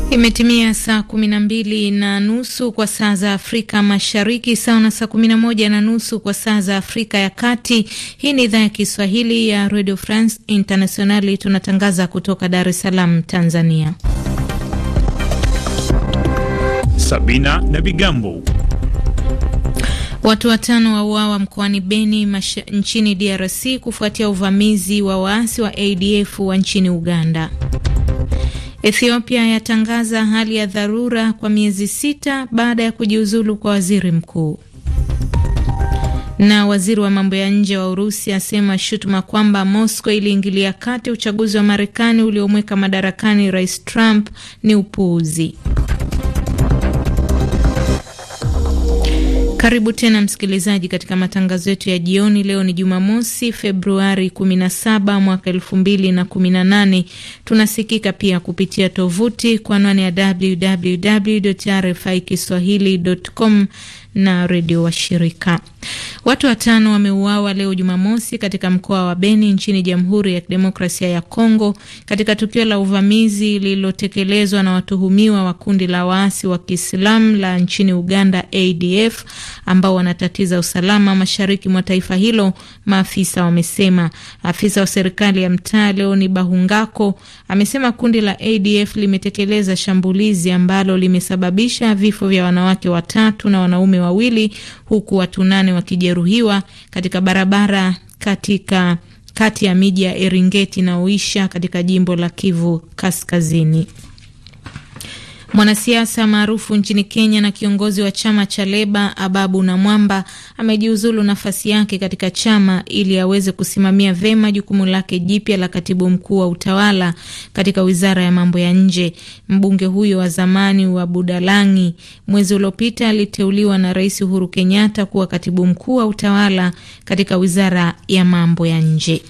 Imetimia saa kumi na mbili na nusu kwa saa za Afrika Mashariki, sawa na saa kumi na moja na nusu kwa saa za Afrika ya Kati. Hii ni idhaa ya Kiswahili ya Radio France Internationali, tunatangaza kutoka Dar es Salaam, Tanzania. Sabina na Bigambo. Watu watano wauawa mkoani Beni masha, nchini DRC kufuatia uvamizi wa waasi wa ADF wa nchini Uganda. Ethiopia yatangaza hali ya dharura kwa miezi sita baada ya kujiuzulu kwa waziri mkuu. Na waziri wa mambo ya nje wa Urusi asema shutuma kwamba Moscow iliingilia kati uchaguzi wa Marekani uliomweka madarakani Rais Trump ni upuuzi. Karibu tena msikilizaji, katika matangazo yetu ya jioni. Leo ni Jumamosi, Februari 17 mwaka elfu na Tunasikika pia kupitia tovuti kwa anwani ya www RFI kiswahili com na redio washirika. Watu watano wameuawa leo Jumamosi katika mkoa wa Beni nchini Jamhuri ya Kidemokrasia ya Kongo katika tukio la uvamizi lililotekelezwa na watuhumiwa wa kundi la waasi wa Kiislamu la nchini Uganda ADF ambao wanatatiza usalama mashariki mwa taifa hilo, maafisa wamesema. Afisa wa serikali ya mtaa Leoni Bahungako amesema kundi la ADF limetekeleza shambulizi ambalo limesababisha vifo vya wanawake watatu na wanaume wawili huku watu nane wakijeruhiwa katika barabara katika kati ya miji ya Eringeti na Uisha katika jimbo la Kivu Kaskazini. Mwanasiasa maarufu nchini Kenya na kiongozi wa chama cha Leba Ababu Namwamba amejiuzulu nafasi yake katika chama ili aweze kusimamia vema jukumu lake jipya la katibu mkuu wa utawala katika wizara ya mambo ya nje. Mbunge huyo wa zamani wa Budalangi mwezi uliopita aliteuliwa na Rais Uhuru Kenyatta kuwa katibu mkuu wa utawala katika wizara ya mambo ya nje.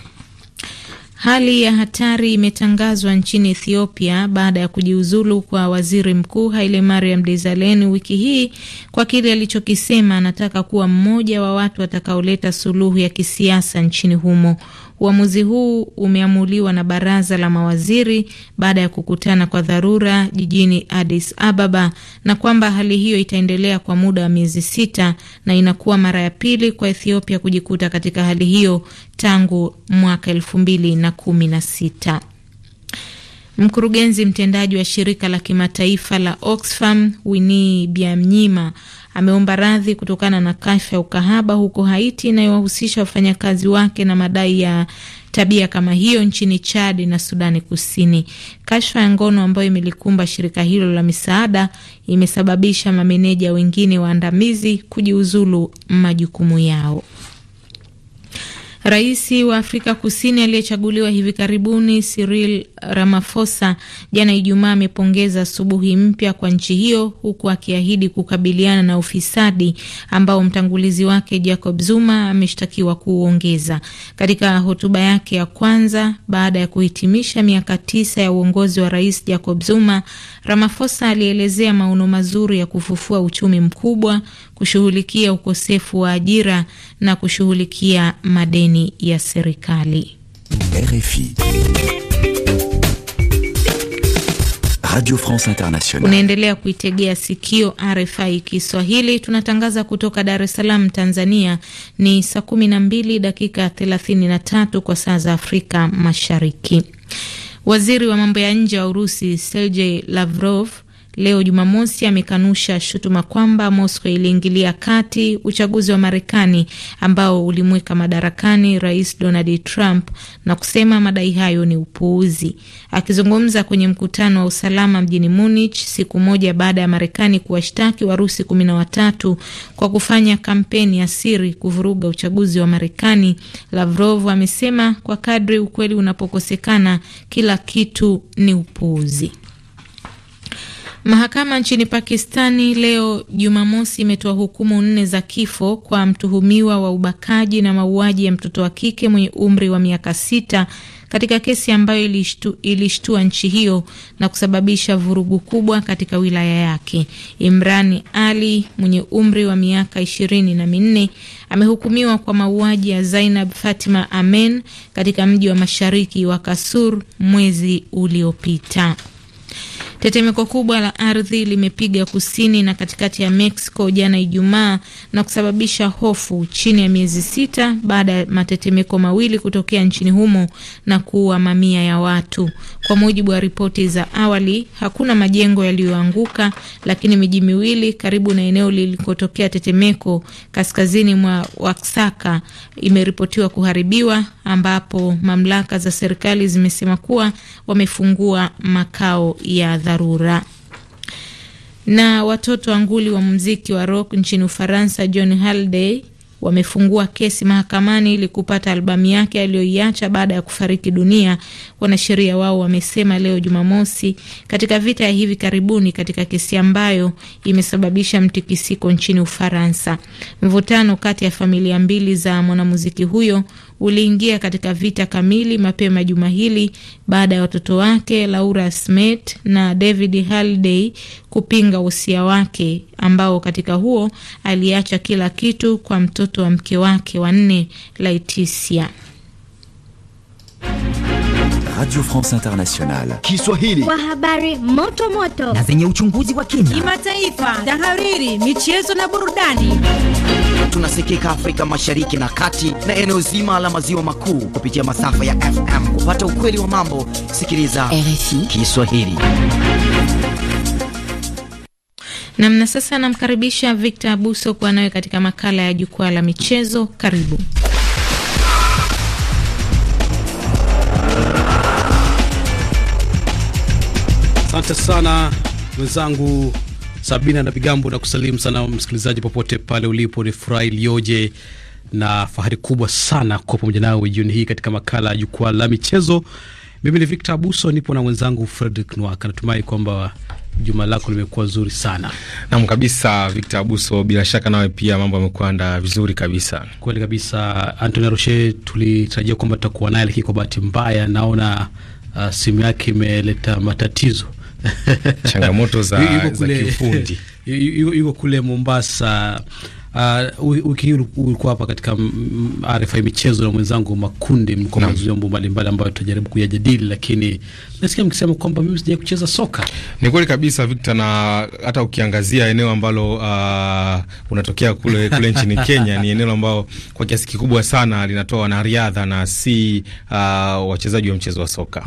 Hali ya hatari imetangazwa nchini Ethiopia baada ya kujiuzulu kwa waziri mkuu Haile Mariam Desalegn wiki hii kwa kile alichokisema anataka kuwa mmoja wa watu watakaoleta suluhu ya kisiasa nchini humo. Uamuzi huu umeamuliwa na baraza la mawaziri baada ya kukutana kwa dharura jijini Addis Ababa, na kwamba hali hiyo itaendelea kwa muda wa miezi sita na inakuwa mara ya pili kwa Ethiopia kujikuta katika hali hiyo tangu mwaka elfu mbili na kumi na sita. Mkurugenzi mtendaji wa shirika la kimataifa la Oxfam Winnie Byanyima ameomba radhi kutokana na kashfa ya ukahaba huko Haiti inayowahusisha wafanyakazi wake na madai ya tabia kama hiyo nchini Chad na Sudani Kusini. Kashfa ya ngono ambayo imelikumba shirika hilo la misaada imesababisha mameneja wengine waandamizi kujiuzulu majukumu yao. Rais wa Afrika Kusini aliyechaguliwa hivi karibuni Cyril Ramaphosa jana Ijumaa amepongeza asubuhi mpya kwa nchi hiyo huku akiahidi kukabiliana na ufisadi ambao mtangulizi wake Jacob Zuma ameshtakiwa kuuongeza. Katika hotuba yake ya kwanza baada ya kuhitimisha miaka tisa ya uongozi wa Rais Jacob Zuma, Ramaphosa alielezea maono mazuri ya kufufua uchumi mkubwa kushughulikia ukosefu wa ajira na kushughulikia madeni ya serikali. RFI Radio France Internationale. Unaendelea kuitegea sikio RFI Kiswahili, tunatangaza kutoka Dar es Salaam, Tanzania. Ni saa 12 dakika 33 kwa saa za Afrika Mashariki. Waziri wa mambo ya nje wa Urusi Sergei Lavrov leo Jumamosi amekanusha shutuma kwamba Moscow iliingilia kati uchaguzi wa Marekani ambao ulimweka madarakani Rais Donald Trump na kusema madai hayo ni upuuzi. Akizungumza kwenye mkutano wa usalama mjini Munich siku moja baada ya Marekani kuwashtaki Warusi kumi na watatu kwa kufanya kampeni ya siri kuvuruga uchaguzi wa Marekani, Lavrov amesema kwa kadri ukweli unapokosekana, kila kitu ni upuuzi. Mahakama nchini Pakistani leo Jumamosi imetoa hukumu nne za kifo kwa mtuhumiwa wa ubakaji na mauaji ya mtoto wa kike mwenye umri wa miaka sita katika kesi ambayo ilishtu, ilishtua nchi hiyo na kusababisha vurugu kubwa katika wilaya yake. Imrani Ali mwenye umri wa miaka ishirini na minne amehukumiwa kwa mauaji ya Zainab Fatima Amen katika mji wa mashariki wa Kasur mwezi uliopita. Tetemeko kubwa la ardhi limepiga kusini na katikati ya Mexico jana Ijumaa na kusababisha hofu chini ya miezi sita baada ya matetemeko mawili kutokea nchini humo na kuua mamia ya watu. Kwa mujibu wa ripoti za awali, hakuna majengo yaliyoanguka, lakini miji miwili karibu na eneo lilikotokea tetemeko kaskazini mwa Oaxaca imeripotiwa kuharibiwa, ambapo mamlaka za serikali zimesema kuwa wamefungua makao ya dharura. Na watoto wa nguli wa mziki wa rock nchini Ufaransa, John haldey wamefungua kesi mahakamani ili kupata albamu yake aliyoiacha baada ya kufariki dunia, wanasheria wao wamesema leo Jumamosi, katika vita ya hivi karibuni katika kesi ambayo imesababisha mtikisiko nchini Ufaransa. Mvutano kati ya familia mbili za mwanamuziki huyo uliingia katika vita kamili mapema juma hili baada ya watoto wake Laura Smith na David Halliday kupinga usia wake ambao katika huo aliacha kila kitu kwa mtoto wa mke wake wa nne Laetitia. Radio France Internationale Kiswahili kwa habari moto moto na zenye uchunguzi wa kina, kimataifa, tahariri, michezo na burudani. Tunasikika Afrika Mashariki na Kati na eneo zima la maziwa makuu kupitia masafa ya FM. Kupata ukweli wa mambo, sikiliza RFI Kiswahili. Namna sasa, namkaribisha Victor Abuso kuwa nawe katika makala ya jukwaa la michezo. Karibu. Asante sana mwenzangu Sabina na Bigambo, na kusalimu sana msikilizaji popote pale ulipo. Ni furaha iliyoje na fahari kubwa sana kuwa pamoja nawe jioni hii katika makala ya jukwaa la michezo. Mimi ni Victor Abuso, nipo na mwenzangu Fredrick Nwaka. Natumai kwamba juma lako limekuwa zuri sana. Naam kabisa, Victor Abuso, bila shaka nawe pia mambo yamekwenda vizuri kabisa. Kweli kabisa. Antony Roche tulitarajia kwamba tutakuwa naye, lakini kwa bahati mbaya naona uh, simu yake imeleta matatizo changamoto za, za kiufundi yuko kule Mombasa. Uh, wiki hii ulikuwa hapa katika RFI michezo na mwenzangu Makundi, mko mazungumzo mbalimbali ambayo tutajaribu kuyajadili, lakini nasikia mkisema kwamba mimi sijai kucheza soka. Ni kweli kabisa Victor, na hata ukiangazia eneo ambalo uh, unatokea kule, kule nchini Kenya ni eneo ambalo kwa kiasi kikubwa sana linatoa wanariadha na si uh, wachezaji wa mchezo wa soka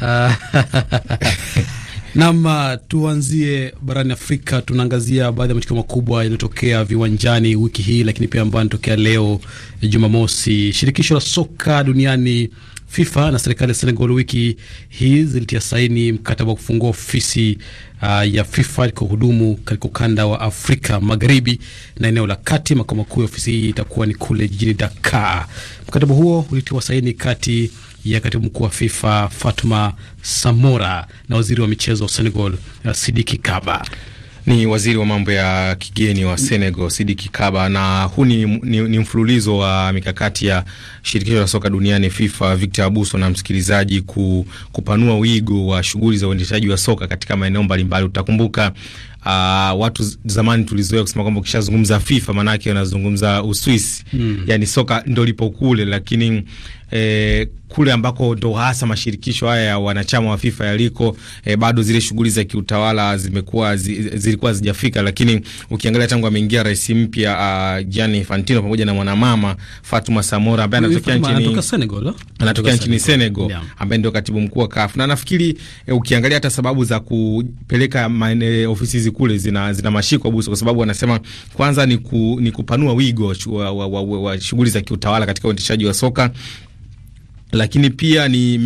Nam, uh, tuanzie barani Afrika. Tunaangazia baadhi ya matukio makubwa yaliyotokea viwanjani wiki hii, lakini pia ambayo yanatokea leo eh, Jumamosi. Shirikisho la soka duniani FIFA na serikali ya Senegal wiki hii zilitia saini mkataba wa kufungua ofisi uh, ya FIFA hudumu katika ukanda wa Afrika Magharibi na eneo la kati. Makao makuu ya ofisi hii itakuwa ni kule jijini Dakar. Mkataba huo ulitiwa saini kati ya katibu mkuu wa FIFA Fatuma Samora na waziri wa michezo wa Senegal uh, Sidiki Kaba. Ni waziri wa mambo ya kigeni wa Senegal Sidiki Kaba, na huu ni, ni, ni mfululizo wa mikakati ya shirikisho la soka duniani FIFA, Victor Abuso na msikilizaji, ku, kupanua wigo wa shughuli za uendeshaji wa soka katika maeneo mbalimbali. Utakumbuka uh, watu zamani tulizoea kusema kwamba ukishazungumza FIFA maanake unazungumza Uswisi mm. Yani soka ndo lipo kule, lakini eh, kule ambako ndo hasa mashirikisho haya ya wanachama wa FIFA yaliko, eh, bado zile shughuli za kiutawala zimekuwa zi, zilikuwa zijafika, lakini ukiangalia tangu ameingia rais mpya uh, Gianni Infantino pamoja na mwanamama Fatuma Samora ambaye anatokea eh? nchini Senegal, anatokea nchini Senegal ambaye ndio katibu mkuu wa CAF, na nafikiri eh, ukiangalia hata sababu za kupeleka maene, ofisi hizi kule zina, zina mashiko busu, kwa sababu wanasema kwanza ni, ku, ni kupanua wigo wa, wa, wa, wa, wa shughuli za kiutawala katika uendeshaji wa soka lakini pia ni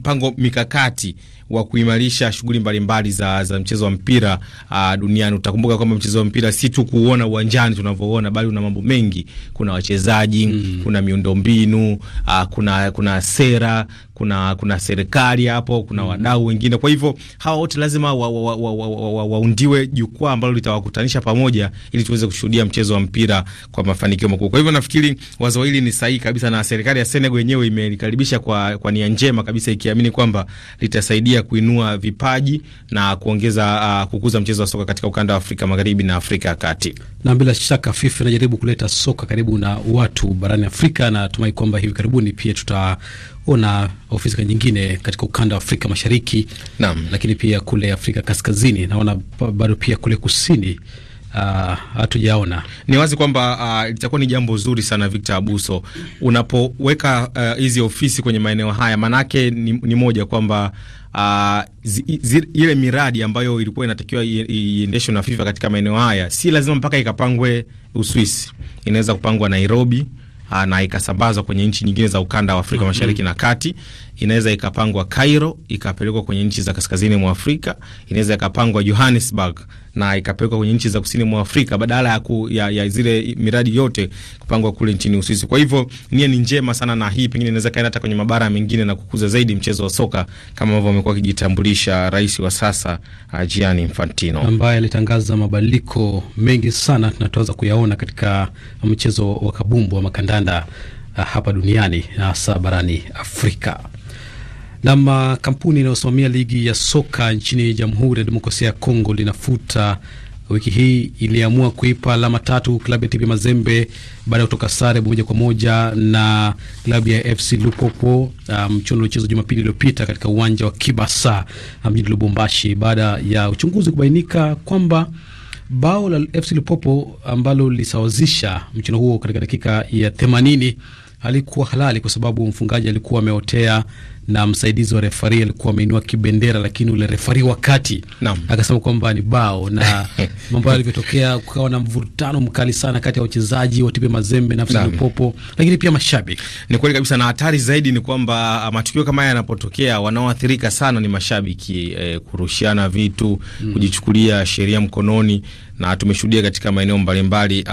mpango mikakati wa kuimarisha shughuli mbalimbali za, za mchezo wa mpira uh, duniani. Utakumbuka kwamba mchezo wa mpira si tu kuona uwanjani tunavyoona, bali una mambo mengi. Kuna wachezaji mm. kuna miundombinu uh, kuna, kuna sera kuna, kuna serikali hapo, kuna mm. wadau wengine. Kwa hivyo hawa wote lazima waundiwe wa, wa, wa, wa, wa, jukwaa ambalo litawakutanisha pamoja ili tuweze kushuhudia mchezo wa mpira kwa mafanikio makubwa. Kwa hivyo nafikiri wazo hili ni sahihi kabisa, na serikali ya Senegal yenyewe imelikaribisha kwa, kwa nia njema kabisa, ikiamini kwamba litasaidia kusaidia kuinua vipaji na kuongeza uh, kukuza mchezo wa soka katika ukanda wa Afrika Magharibi na Afrika ya Kati. Na bila shaka FIFA inajaribu kuleta soka karibu na watu barani Afrika, na tumai kwamba hivi karibuni pia tutaona ofisi nyingine katika ukanda wa Afrika Mashariki. na, Lakini pia kule Afrika Kaskazini naona bado pia kule kusini ah, hatujaona uh, ni wazi kwamba uh, ah, litakuwa ni jambo zuri sana Victor Abuso, unapoweka hizi uh, ofisi kwenye maeneo haya, maanake ni, ni moja kwamba uh, ile miradi ambayo ilikuwa inatakiwa iendeshwe na FIFA katika maeneo haya, si lazima mpaka ikapangwe Uswisi, inaweza kupangwa Nairobi ah, na ikasambazwa kwenye nchi nyingine za ukanda wa Afrika mm-hmm. Mashariki na Kati inaweza ikapangwa Cairo ikapelekwa kwenye nchi za kaskazini mwa Afrika, inaweza ikapangwa Johannesburg na ikapelekwa kwenye nchi za kusini mwa Afrika badala ya, ku, ya, ya zile miradi yote kupangwa kule nchini Uswisi. Kwa hivyo nia ni njema sana, na hii pengine inaweza kaenda hata kwenye mabara mengine na kukuza zaidi mchezo wa soka kama ambavyo amekuwa akijitambulisha rais wa sasa uh, Gianni Infantino, ambaye alitangaza mabadiliko mengi sana tunatoweza kuyaona katika mchezo wa kabumbu wa makandanda uh, hapa duniani na hasa barani Afrika. Na kampuni inayosimamia ligi ya soka nchini Jamhuri ya Demokrasia ya Kongo linafuta wiki hii iliamua kuipa alama tatu klabu ya TP Mazembe baada ya kutoka sare moja kwa moja na klabu ya FC Lupopo um, mchuano um, uliochezwa Jumapili iliyopita katika uwanja wa Kibasa mjini um, Lubumbashi baada ya uchunguzi kubainika kwamba bao la FC Lupopo ambalo lilisawazisha mchuano huo katika dakika ya themanini halikuwa halali kwa sababu mfungaji alikuwa ameotea na msaidizi wa refari alikuwa ameinua kibendera, lakini ule refari wakati akasema kwamba ni bao, na mambo yalivyotokea, kukawa na mvurutano mkali sana kati ya wachezaji wa TP Mazembe na FC Popo, lakini pia mashabiki. Ni kweli kabisa, na hatari zaidi ni kwamba uh, matukio kama haya yanapotokea, wanaoathirika sana ni mashabiki eh, kurushiana vitu mm, kujichukulia sheria mkononi na tumeshuhudia katika maeneo mbalimbali uh,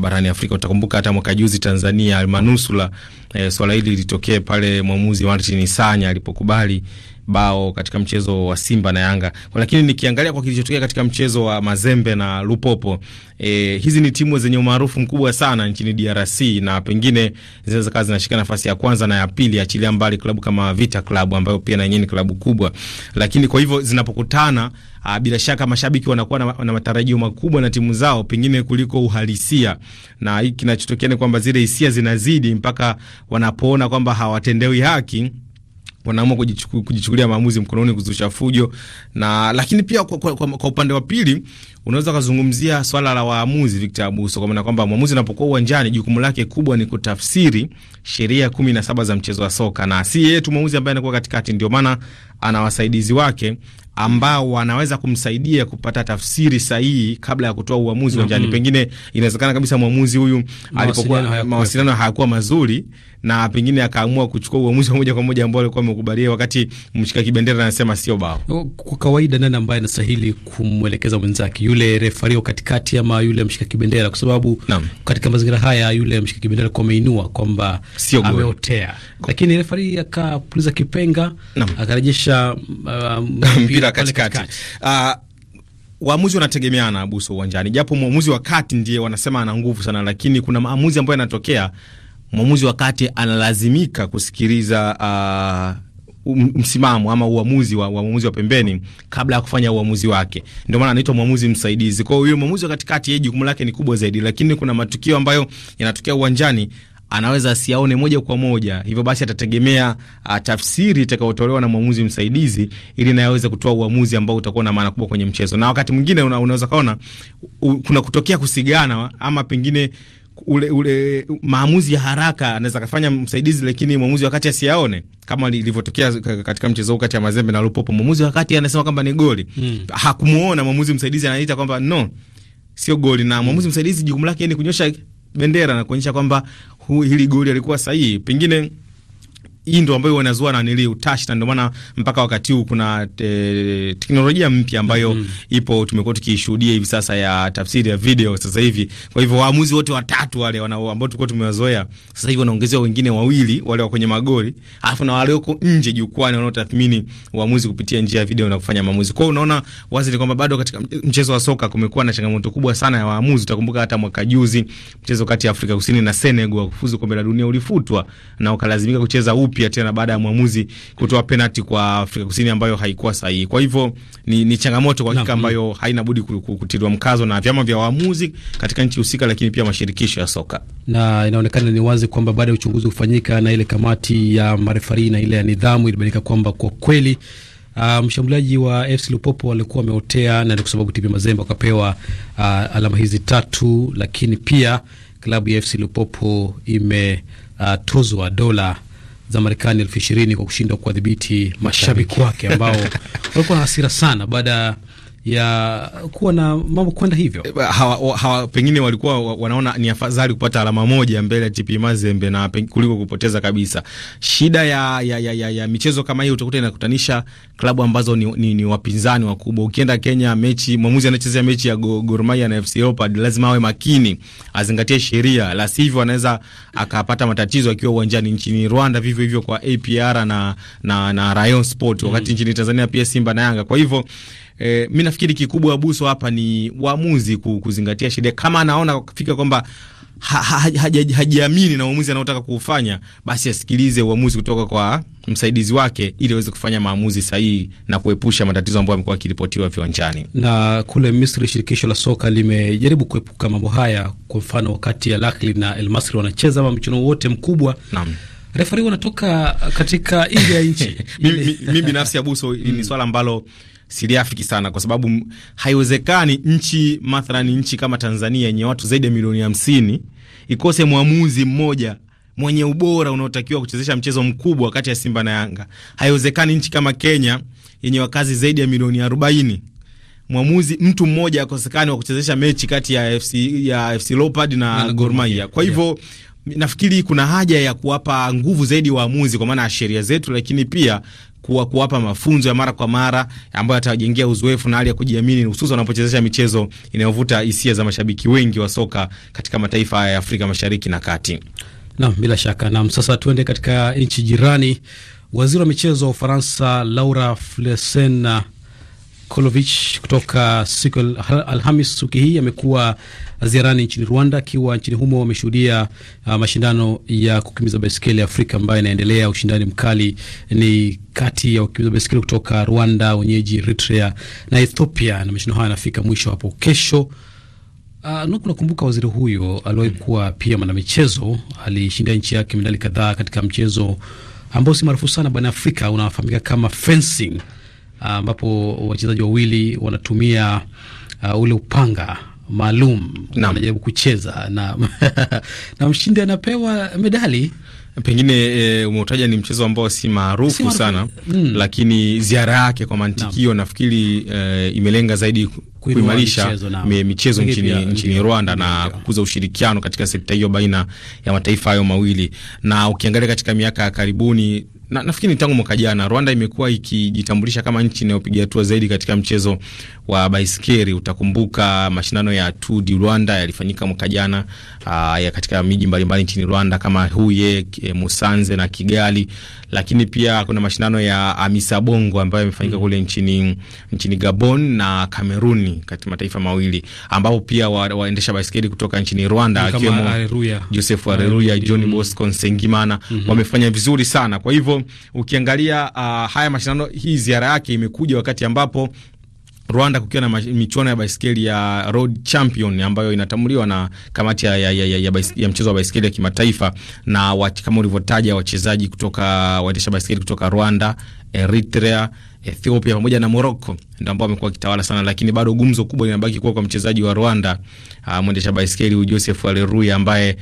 barani Afrika. Utakumbuka hata mwaka juzi Tanzania almanusula, eh, swala hili litokee pale mwamuzi Martin Sanya alipokubali bao katika mchezo wa Simba na Yanga, lakini nikiangalia kwa kilichotokea katika mchezo wa Mazembe na Lupopo, e, hizi ni timu zenye umaarufu mkubwa sana nchini DRC na pengine zinaweza kazi zinashika nafasi ya kwanza na ya pili, achilia mbali klabu kama Vita Club ambayo pia na yenyewe ni klabu kubwa, lakini kwa hivyo zinapokutana A, ah, bila shaka mashabiki wanakuwa na, na matarajio makubwa na timu zao pengine kuliko uhalisia, na hiki kinachotokea ni kwamba zile hisia zinazidi mpaka wanapoona kwamba hawatendewi haki wanaamua kujichukulia maamuzi mkononi, kuzusha fujo na lakini pia kwa, kwa, kwa, kwa upande wa pili unaweza kuzungumzia swala la waamuzi Victor Abuso, kwa maana kwamba mwamuzi anapokuwa uwanjani jukumu lake kubwa ni kutafsiri sheria kumi na saba za mchezo wa soka, na si yeye tu mwamuzi ambaye anakuwa katikati. Ndio maana ana wasaidizi wake ambao wanaweza kumsaidia kupata tafsiri sahihi kabla ya kutoa uamuzi mm-hmm. uwanjani. Mm -hmm. Pengine inawezekana kabisa mwamuzi huyu alipokuwa mawasiliano hayakuwa mazuri, na pengine akaamua kuchukua uamuzi wa moja kwa moja ambao alikuwa amekubalia, wakati mshika kibendera anasema sio bao. Kwa kawaida, nani ambaye anastahili kumwelekeza mwenzake? yule refari wa katikati ama yule mshika kibendera, kwa sababu katika mazingira haya yule mshika kibendera kwa ameinua kwamba ameotea, lakini refari akapuliza kipenga akarejesha uh, mpira katikati uh, waamuzi wanategemeana buso uwanjani, japo mwamuzi wa kati ndiye wanasema ana nguvu sana, lakini kuna maamuzi ambayo yanatokea mwamuzi wa kati analazimika kusikiliza uh, Um, msimamo ama uamuzi wa uamuzi wa pembeni kabla ya kufanya uamuzi wake. Ndio maana anaitwa mwamuzi msaidizi. Kwa hiyo mwamuzi wa katikati, yeye jukumu lake ni kubwa zaidi, lakini kuna matukio ambayo yanatokea uwanjani anaweza asiaone moja kwa moja, hivyo basi atategemea ah, tafsiri itakayotolewa na mwamuzi msaidizi ili naye kutoa uamuzi ambao utakuwa na maana kubwa kwenye mchezo. Na wakati mwingine una, unaweza kaona kuna kutokea kusigana ama pengine ule, ule maamuzi ya haraka anaweza kafanya msaidizi, lakini mwamuzi wakati asiaone, kama lilivyotokea katika mchezo huu kati ya Mazembe na Lupopo. Mwamuzi wakati anasema kwamba ni goli hmm. hakumuona mwamuzi msaidizi, anaita kwamba no, sio goli, na mwamuzi msaidizi jukumu lake ni kunyosha bendera na kuonyesha kwamba hili goli alikuwa sahihi pengine hii ndo ambayo wanazua na nili utashi, na ndio maana mpaka wakati huu kuna te, eh, teknolojia mpya ambayo mm -hmm. ipo, tumekuwa tukiishuhudia hivi sasa ya tafsiri ya video sasa hivi. Kwa hivyo waamuzi wote watatu wale ambao tulikuwa tumewazoea sasa hivi wanaongezewa wengine wawili wale wa kwenye magoli, alafu na wale huko nje jukwani wanaotathmini waamuzi kupitia njia ya video na kufanya maamuzi. Kwa hiyo unaona wazi ni kwamba bado katika mchezo wa soka kumekuwa na changamoto kubwa sana ya waamuzi. Utakumbuka hata mwaka juzi mchezo kati ya Afrika Kusini na Senegal wa kufuzu kombe la dunia ulifutwa na ukalazimika kucheza upi upya tena baada ya mwamuzi kutoa penalti kwa Afrika Kusini ambayo haikuwa sahihi. Kwa hivyo ni, ni changamoto kwa hakika ambayo haina budi kutiliwa mkazo na vyama vya waamuzi katika nchi husika, lakini pia mashirikisho ya soka, na inaonekana ni wazi kwamba baada ya uchunguzi kufanyika na ile kamati ya marefari na ile ya nidhamu ilibainika kwamba kwa kweli Uh, mshambuliaji wa FC Lupopo alikuwa ameotea na ndio sababu TP Mazembe akapewa uh, alama hizi tatu, lakini pia klabu ya FC Lupopo imetozwa ah, uh, dola za Marekani elfu ishirini kwa kushindwa kuwadhibiti mashabiki wake ambao walikuwa na hasira sana baada ya kuwa na mambo kwenda hivyo. Eh, hawa, hawa pengine walikuwa wanaona ni afadhali kupata alama moja mbele ya TP Mazembe na kuliko kupoteza kabisa. Shida ya, ya, ya, ya, ya michezo kama hiyo utakuta inakutanisha klabu ambazo ni, ni, ni wapinzani wakubwa. Ukienda Kenya, mechi mwamuzi anachezea mechi ya Gor Mahia na FC Leopard, lazima awe makini, azingatie sheria, la sivyo anaweza akapata matatizo akiwa uwanjani. Nchini Rwanda vivyo hivyo kwa APR na na, na Rayon Sport, wakati mm. nchini Tanzania pia Simba na Yanga. Kwa hivyo eh, mi nafikiri kikubwa Abuso hapa ni waamuzi kuzingatia sheria. Kama anaona kufika kwamba hajiamini na uamuzi anaotaka kuufanya, basi asikilize uamuzi kutoka kwa msaidizi wake ili aweze kufanya maamuzi sahihi na kuepusha matatizo ambayo amekuwa akiripotiwa viwanjani. Na kule Misri, shirikisho la soka limejaribu kuepuka mambo haya. Kwa mfano, wakati Al Ahly na El Masri wanacheza ama mchuano wote mkubwa, naam refari wanatoka katika nje ya nchi. Mimi binafsi Abuso, ni mm. swala ambalo siliafiki sana, kwa sababu haiwezekani nchi mathalani, nchi kama Tanzania yenye watu zaidi ya milioni hamsini ikose mwamuzi mmoja mwenye ubora unaotakiwa kuchezesha mchezo mkubwa kati ya Simba na Yanga. Haiwezekani nchi kama Kenya yenye wakazi zaidi ya milioni arobaini mwamuzi mtu mmoja akosekani wa kuchezesha mechi kati ya FC, ya FC Leopard na, na Gor Mahia. Kwa hivyo yeah. Nafikiri kuna haja ya kuwapa nguvu zaidi waamuzi kwa maana ya sheria zetu, lakini pia kuwa kuwapa mafunzo ya mara kwa mara ambayo yatawajengea uzoefu na hali ya kujiamini hususan wanapochezesha michezo inayovuta hisia za mashabiki wengi wa soka katika mataifa haya ya Afrika Mashariki na Kati. Naam, bila shaka. Naam, sasa tuende katika nchi jirani. Waziri wa michezo wa Ufaransa Laura Flessena Kolovich kutoka siku Alhamis wiki hii amekuwa ziarani nchini Rwanda, akiwa nchini humo ameshuhudia uh, mashindano ya kukimbiza baiskeli Afrika ambayo inaendelea. Ushindani mkali ni kati ya wakimbiza baiskeli kutoka Rwanda, wenyeji Eritrea na Ethiopia, na mashindano haya yanafika mwisho hapo kesho. Uh, nakumbuka waziri huyo aliwahi kuwa pia mwanamichezo, alishinda nchi yake medali kadhaa katika mchezo ambao si maarufu sana barani Afrika unafahamika kama fencing ambapo uh, wachezaji wawili wanatumia uh, ule upanga maalum wanajaribu kucheza na, na mshindi anapewa medali. Pengine e, umeutaja ni mchezo ambao si maarufu sana mm, lakini ziara yake kwa mantikio nafikiri e, imelenga zaidi kuimarisha michezo nchini, nchini Rwanda na kukuza ushirikiano katika sekta hiyo baina ya mataifa hayo mawili, na ukiangalia katika miaka ya karibuni na nafikiri tangu mwaka jana Rwanda imekuwa ikijitambulisha kama nchi inayopiga hatua zaidi katika mchezo wa baiskeli. Utakumbuka mashindano ya Tour du Rwanda yalifanyika mwaka jana ah, ya katika miji mbalimbali nchini Rwanda kama Huye, eh, Musanze na Kigali, lakini pia kuna mashindano ya Amisa Bongo ambayo yamefanyika mm. kule nchini, nchini Gabon na Kameruni kati mataifa mawili ambapo pia waendesha wa baiskeli kutoka nchini Rwanda akiwemo Joseph Areruya, John Bosco Nsengimana mm -hmm. wamefanya vizuri sana. Kwa hivyo ukiangalia uh, haya mashindano, hii ziara yake imekuja wakati ambapo Rwanda kukiwa na michuano ya baiskeli ya Road Champion ambayo inatambuliwa na kamati ya, ya, ya, ya, ya ya mchezo wa baiskeli ya kimataifa, na wat, kama ulivyotaja wachezaji kutoka waendesha baiskeli kutoka Rwanda, Eritrea, Ethiopia pamoja na Morocco ndio ambao wamekuwa kitawala sana, lakini bado gumzo kubwa linabaki kuwa kwa mchezaji wa Rwanda ah, mwendesha baiskeli Joseph Aleluya ambaye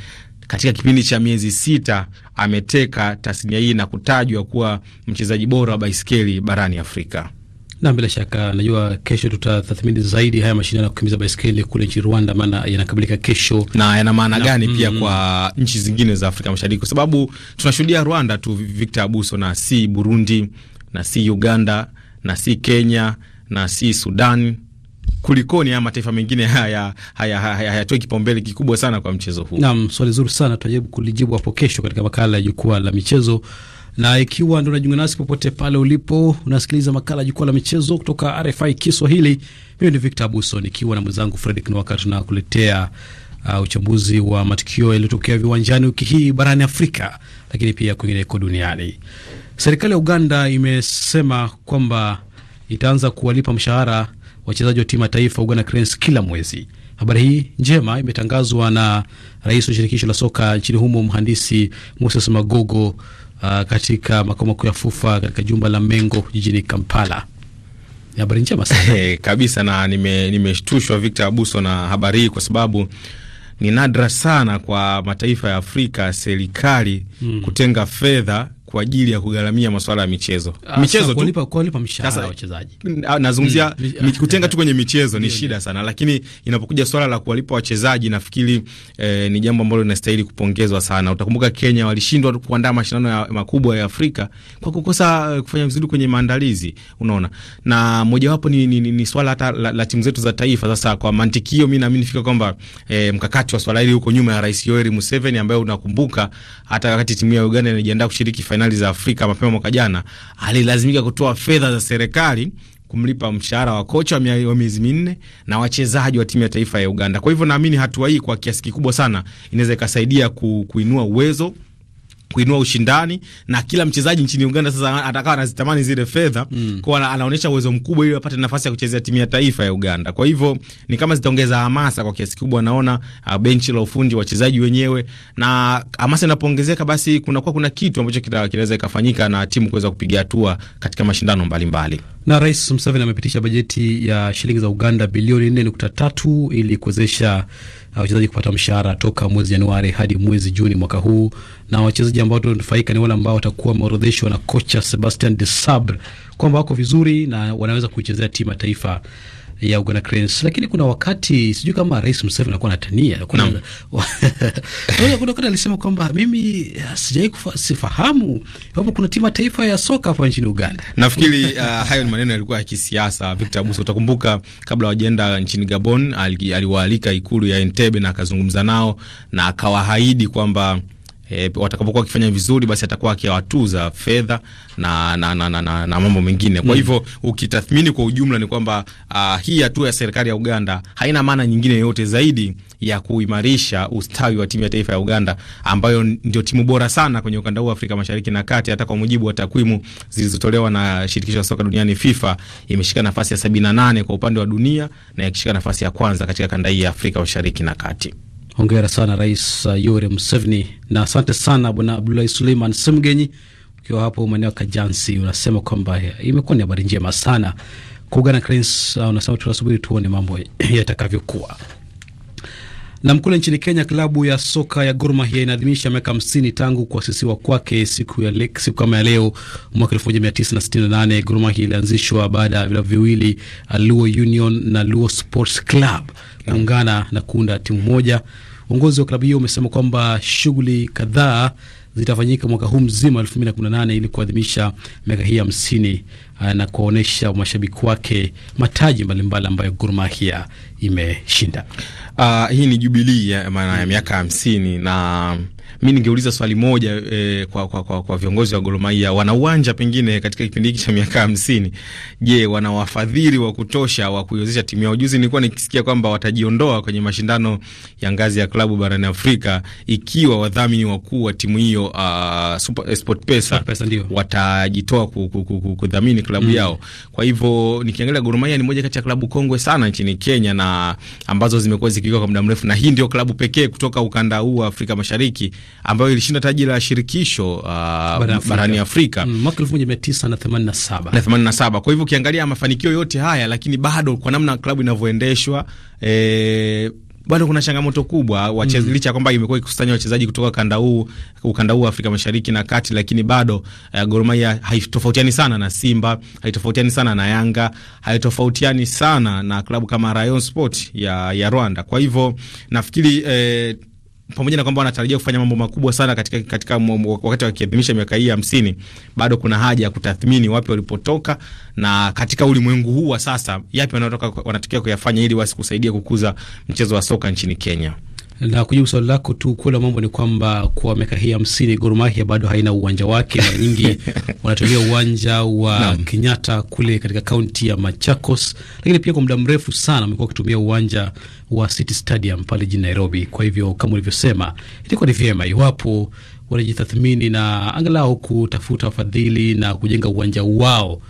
katika kipindi cha miezi sita ameteka tasnia hii na kutajwa kuwa mchezaji bora wa baiskeli barani Afrika. Na bila shaka najua kesho tutatathmini zaidi haya mashindano ya kukimbiza baiskeli kule nchini Rwanda, maana yanakabilika kesho, na yana maana gani pia mm. kwa nchi zingine za Afrika Mashariki, kwa sababu tunashuhudia Rwanda tu, Victor Abuso, na si Burundi na si Uganda na si Kenya na si Sudan. Kulikoni haya mataifa mengine haya hayatoi haya, haya, kipaumbele kikubwa sana kwa mchezo huu? Naam, swali zuri sana, tutajaribu kulijibu hapo kesho katika makala ya jukwaa la michezo na ikiwa ndo unajiunga nasi popote pale ulipo, unasikiliza makala jukwaa la michezo kutoka RFI Kiswahili. Mimi ni Victor Abuso nikiwa na mwenzangu Fredrick Nwaka, tunakuletea uh, uchambuzi wa matukio yaliyotokea viwanjani wiki hii barani Afrika, lakini pia kwingineko duniani. Serikali ya Uganda imesema kwamba itaanza kuwalipa mshahara wachezaji wa timu ya taifa Uganda Cranes kila mwezi. Habari hii njema imetangazwa na rais wa shirikisho la soka nchini humo mhandisi Moses Magogo uh, katika makao makuu ya FUFA katika jumba la Mengo jijini Kampala. Ni habari njema sana eh, kabisa, na nimeshtushwa nime Victor Abuso na habari hii kwa sababu ni nadra sana kwa mataifa ya Afrika serikali mm. kutenga fedha kwa ajili ya kugharamia masuala ya michezo. Ah, Asa, michezo kulipa, tu kulipa mshahara wachezaji. Nazungumzia mm, kutenga tu kwenye michezo ni shida sana, lakini inapokuja swala la kuwalipa wachezaji nafikiri eh, ni jambo ambalo linastahili kupongezwa sana. Utakumbuka Kenya walishindwa kuandaa mashindano makubwa ya Afrika kwa kukosa eh, kufanya vizuri kwenye maandalizi, unaona. Na mojawapo ni, ni, ni, ni swala hata la, la timu zetu za taifa. Sasa kwa mantikio, mimi naamini fika kwamba eh, mkakati wa swala hili huko nyuma ya Rais Yoweri Museveni ambaye unakumbuka hata wakati timu ya Uganda inajiandaa kushiriki fainali za Afrika mapema mwaka jana, alilazimika kutoa fedha za serikali kumlipa mshahara wa kocha wa miezi minne na wachezaji wa timu ya taifa ya Uganda. Kwa hivyo naamini hatua hii kwa kiasi kikubwa sana inaweza ikasaidia ku, kuinua uwezo kuinua ushindani na kila mchezaji nchini Uganda sasa atakawa anazitamani zile fedha mm. Kwa anaonyesha uwezo mkubwa ili apate nafasi ya kuchezea timu ya taifa ya Uganda. Kwa hivyo ni kama zitaongeza hamasa kwa kiasi kikubwa, naona uh, benchi la ufundi, wachezaji wenyewe, na hamasa inapoongezeka, basi kunakuwa kuna kitu ambacho kinaweza ikafanyika na timu kuweza kupiga hatua katika mashindano mbalimbali mbali. Na Rais Museveni amepitisha bajeti ya shilingi za Uganda bilioni 4.3 ili kuwezesha uh, wachezaji uh, kupata mshahara toka mwezi Januari hadi mwezi Juni mwaka huu, na wachezaji ambao watanufaika ni wale ambao watakuwa wameorodheshwa na kocha Sebastian de Sabre kwamba wako vizuri na wanaweza kuichezea timu ya taifa ya Uganda Cranes, lakini kuna wakati sijui kama Rais Museveni alikuwa anatania, kuna kuna alisema kwamba mimi ah, sijai sifahamu hapo kuna timu taifa ya soka hapa nchini Uganda. Nafikiri uh, hayo ni maneno yalikuwa ya kisiasa. Victor Abuso, utakumbuka kabla wajenda nchini Gabon, aliwaalika ikulu ya Entebbe na akazungumza nao na akawaahidi kwamba e, watakapokuwa wakifanya vizuri, basi atakuwa akiwatuza fedha na, na, na, na, na, na mambo mengine. Kwa mm. hivyo ukitathmini kwa ujumla ni kwamba uh, hii hatua ya serikali ya Uganda haina maana nyingine yoyote zaidi ya kuimarisha ustawi wa timu ya taifa ya Uganda ambayo ndio timu bora sana kwenye ukanda huu wa Afrika Mashariki na Kati. Hata kwa mujibu wa takwimu zilizotolewa na shirikisho la soka duniani FIFA, imeshika nafasi ya 78 kwa upande wa dunia na ikishika nafasi ya kwanza katika kanda hii ya Afrika Mashariki na Kati. Hongera sana Rais uh, Yoweri Museveni, na asante sana Bwana Abdulahi Suleiman Semgenyi ukiwa hapo maeneo ya Kajansi, unasema kwamba eh, imekuwa ni habari njema sana kuungana. Cranes uh, unasema tunasubiri tuone mambo yatakavyokuwa. Na mkule nchini Kenya, klabu ya soka ya Gor Mahia inaadhimisha miaka 50 tangu kuasisiwa kwake siku ya siku kama ya leo mwaka 1968. Gor Mahia ilianzishwa baada ya vilabu viwili Luo Union na Luo Sports Club kuungana na kuunda timu moja. Uongozi wa klabu hiyo umesema kwamba shughuli kadhaa zitafanyika mwaka huu mzima 2018 ili kuadhimisha miaka hii hamsini. Ah, na kuwaonyesha mashabiki wake mataji mbalimbali ambayo Gor Mahia imeshinda. Uh, hii ni jubilii ya maana ya miaka hamsini na mi ningeuliza swali moja e, kwa, kwa, kwa, kwa viongozi wa Gor Mahia wana uwanja pengine katika kipindi hiki cha miaka hamsini, je, wana wafadhili wa kutosha wa kuiwezesha timu yao? Juzi nilikuwa nikisikia kwamba watajiondoa kwenye mashindano ya ngazi ya klabu barani Afrika ikiwa wadhamini wakuu wa timu hiyo uh, Super, eh, SportPesa watajitoa ku, ku, kudhamini klabu mm, yao. Kwa hivyo nikiangalia Gor Mahia ni moja kati ya klabu kongwe sana nchini Kenya na ambazo zimekuwa zikiwa kwa muda mrefu, na hii ndio klabu pekee kutoka ukanda huu wa Afrika Mashariki ambayo ilishinda taji la shirikisho uh, barani Afrika mm, mwaka 1987 na 87. Kwa hivyo ukiangalia mafanikio yote haya, lakini bado kwa namna klabu inavyoendeshwa eh, bado kuna changamoto kubwa wachezaji mm -hmm. Licha kwamba imekuwa ikikusanya wachezaji kutoka kanda huu ukanda huu Afrika Mashariki na Kati, lakini bado uh, Gor Mahia haitofautiani sana na Simba, haitofautiani sana na Yanga, haitofautiani sana na klabu kama Rayon Sport ya, ya Rwanda. Kwa hivyo nafikiri eh, pamoja na kwamba wanatarajia kufanya mambo makubwa sana katika, katika wakati wakiadhimisha miaka hii hamsini, bado kuna haja ya kutathmini wapi walipotoka na katika ulimwengu huu wa sasa yapi wanatokea wanatakiwa kuyafanya ili wasi kusaidia kukuza mchezo wa soka nchini Kenya. Na kujibu swali lako tu, ukweli wa mambo ni kwamba kwa miaka hii hamsini Gor Mahia bado haina uwanja wake. Mara nyingi wanatumia uwanja wa no. Kenyatta kule katika kaunti ya Machakos, lakini pia kwa muda mrefu sana wamekuwa wakitumia uwanja wa City Stadium pale jijini Nairobi. Kwa hivyo kama ulivyosema, ilikuwa ni vyema iwapo wanajitathmini na angalau kutafuta wafadhili na kujenga uwanja wao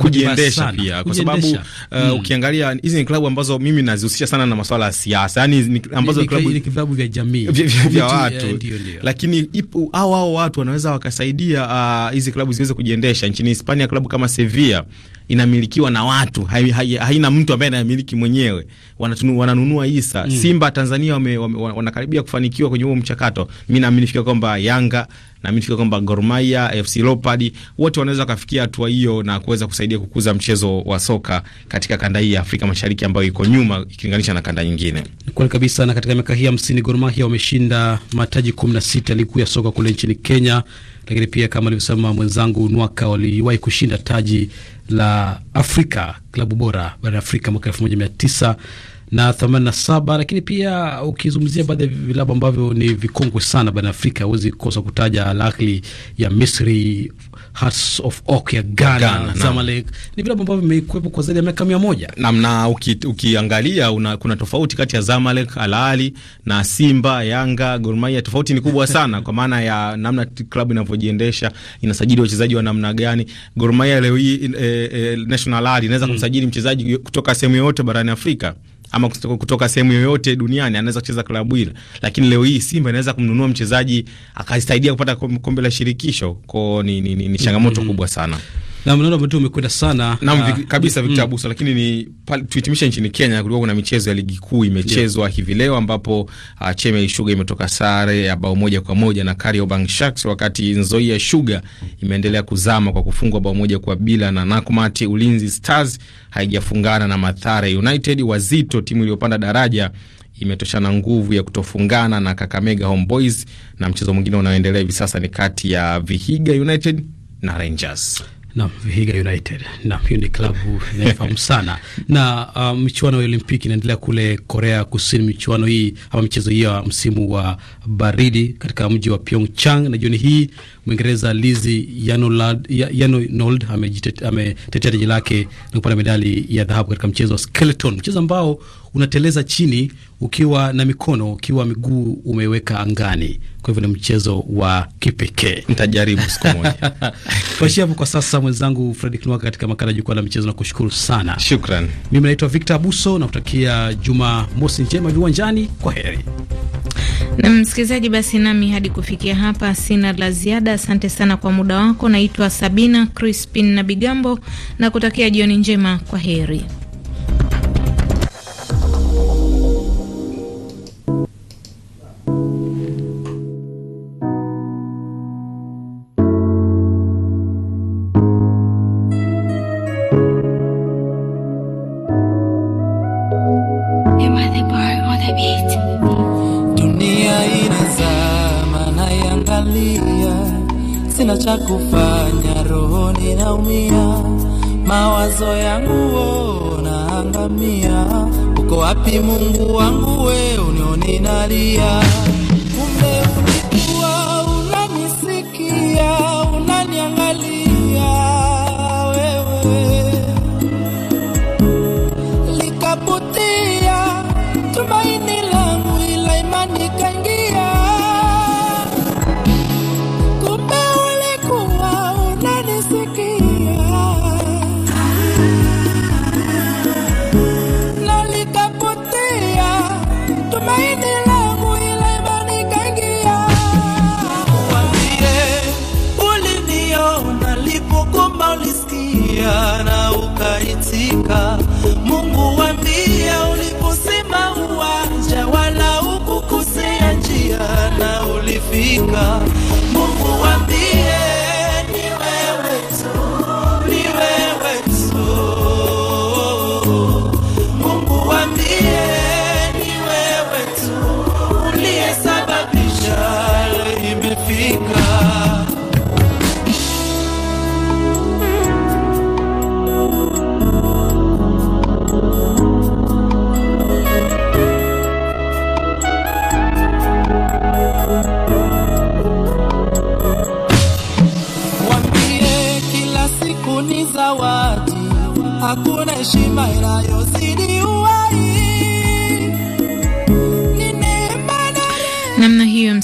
kujiendesha uh, pia, kwa sababu uh, mm. Ukiangalia hizi ni klabu ambazo mimi nazihusisha sana na masuala ya siasa, yani ambazo ni klabu, ni klabu vya jamii vya watu uh, ndio, ndio. Lakini ipo hao hao watu wanaweza wakasaidia uh, hizi uh, klabu ziweze kujiendesha. Nchini Hispania klabu kama Sevilla inamilikiwa na watu, haina hai, hai mtu ambaye anamiliki mwenyewe, wanatunu, wananunua hisa mm. Simba Tanzania wame, wame, wanakaribia kufanikiwa kwenye huo mchakato. Mimi naamini kwamba Yanga na mimi kwamba Gor Mahia, FC Leopard wote wanaweza kufikia hatua hiyo na kuweza kusaidia kukuza mchezo wa soka katika kanda hii ya Afrika Mashariki ambayo iko nyuma ikilinganisha na kanda nyingine. Kweli kabisa, na katika miaka hii 50 Gor Mahia wameshinda mataji 16 ligi ya soka kule nchini Kenya, lakini pia kama alivyosema mwenzangu Nwaka waliwahi kushinda taji la Afrika klabu bora barani Afrika mwaka 1900 na 87 lakini pia ukizungumzia baadhi ya vilabu ambavyo ni vikongwe sana barani Afrika huwezi kosa kutaja Al Ahly ya Misri, Hearts of Oak ya Ghana, Ghana Zamalek ni vilabu ambavyo vimekuwepo kwa zaidi ya miaka moja nam na uki, ukiangalia una, kuna tofauti kati ya Zamalek, Al Ahly na Simba, Yanga, Gor Mahia. Tofauti ni kubwa sana kwa maana ya namna klabu inavyojiendesha, inasajili wachezaji wa namna gani. Gor Mahia leo hii e, e, National Ahly inaweza hmm. kumsajili mchezaji kutoka sehemu yoyote barani Afrika ama kutoka sehemu yoyote duniani anaweza kucheza klabu ile, lakini leo hii Simba inaweza kumnunua mchezaji akasaidia kupata kombe la shirikisho. Kwao ni, ni, ni, ni changamoto mm -hmm. kubwa sana. Na mnaona mtu umekwenda sana. Naam uh, kabisa mm, Victor mm. Abuso, lakini ni tuhitimisha nchini Kenya kulikuwa kuna michezo ya ligi kuu imechezwa yeah, hivi leo ambapo uh, Cheme Sugar imetoka sare ya bao moja kwa moja na Kariobangi Sharks, wakati Nzoia Sugar imeendelea kuzama kwa kufungwa bao moja kwa bila na Nakumatt. Ulinzi Stars haijafungana na Mathare United. Wazito, timu iliyopanda daraja imetoshana nguvu ya kutofungana na Kakamega Homeboys, na mchezo mwingine unaoendelea hivi sasa ni kati ya Vihiga United na Rangers na Vihiga United na hiyo ni klabu inayofahamu sana na um, michuano ya Olimpiki inaendelea kule Korea Kusini, michuano hii ama michezo hii ya msimu wa baridi katika mji wa Pyeongchang, na jioni hii Mwingereza lizi Yarnold ametetea taji lake na kupata medali ya dhahabu katika mchezo wa skeleton, mchezo ambao unateleza chini ukiwa na mikono, ukiwa miguu umeweka angani. Kwa hivyo ni mchezo wa kipekee, nitajaribu siku moja. Tuachie hapo kwa sasa, mwenzangu Fredrick Nwaka katika makala jukwaa la michezo, na kushukuru sana. Shukran. Mimi naitwa Victor Abuso na kutakia juma mosi njema viwanjani. Kwa heri na msikilizaji, basi nami hadi kufikia hapa sina la ziada. Asante sana kwa muda wako. Naitwa Sabina Crispin na Bigambo na kutakia jioni njema. Kwa heri. Mungu wangu, we unioni nalia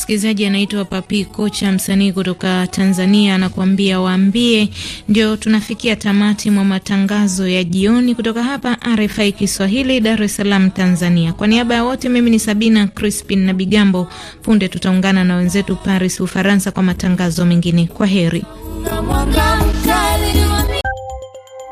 msikilizaji anaitwa Papi Kocha, msanii kutoka Tanzania, anakuambia waambie. Ndio tunafikia tamati mwa matangazo ya jioni kutoka hapa RFI Kiswahili, Dar es Salaam, Tanzania. Kwa niaba ya wote, mimi ni Sabina Crispin na Bigambo. Punde tutaungana na wenzetu Paris, Ufaransa, kwa matangazo mengine. Kwa heri.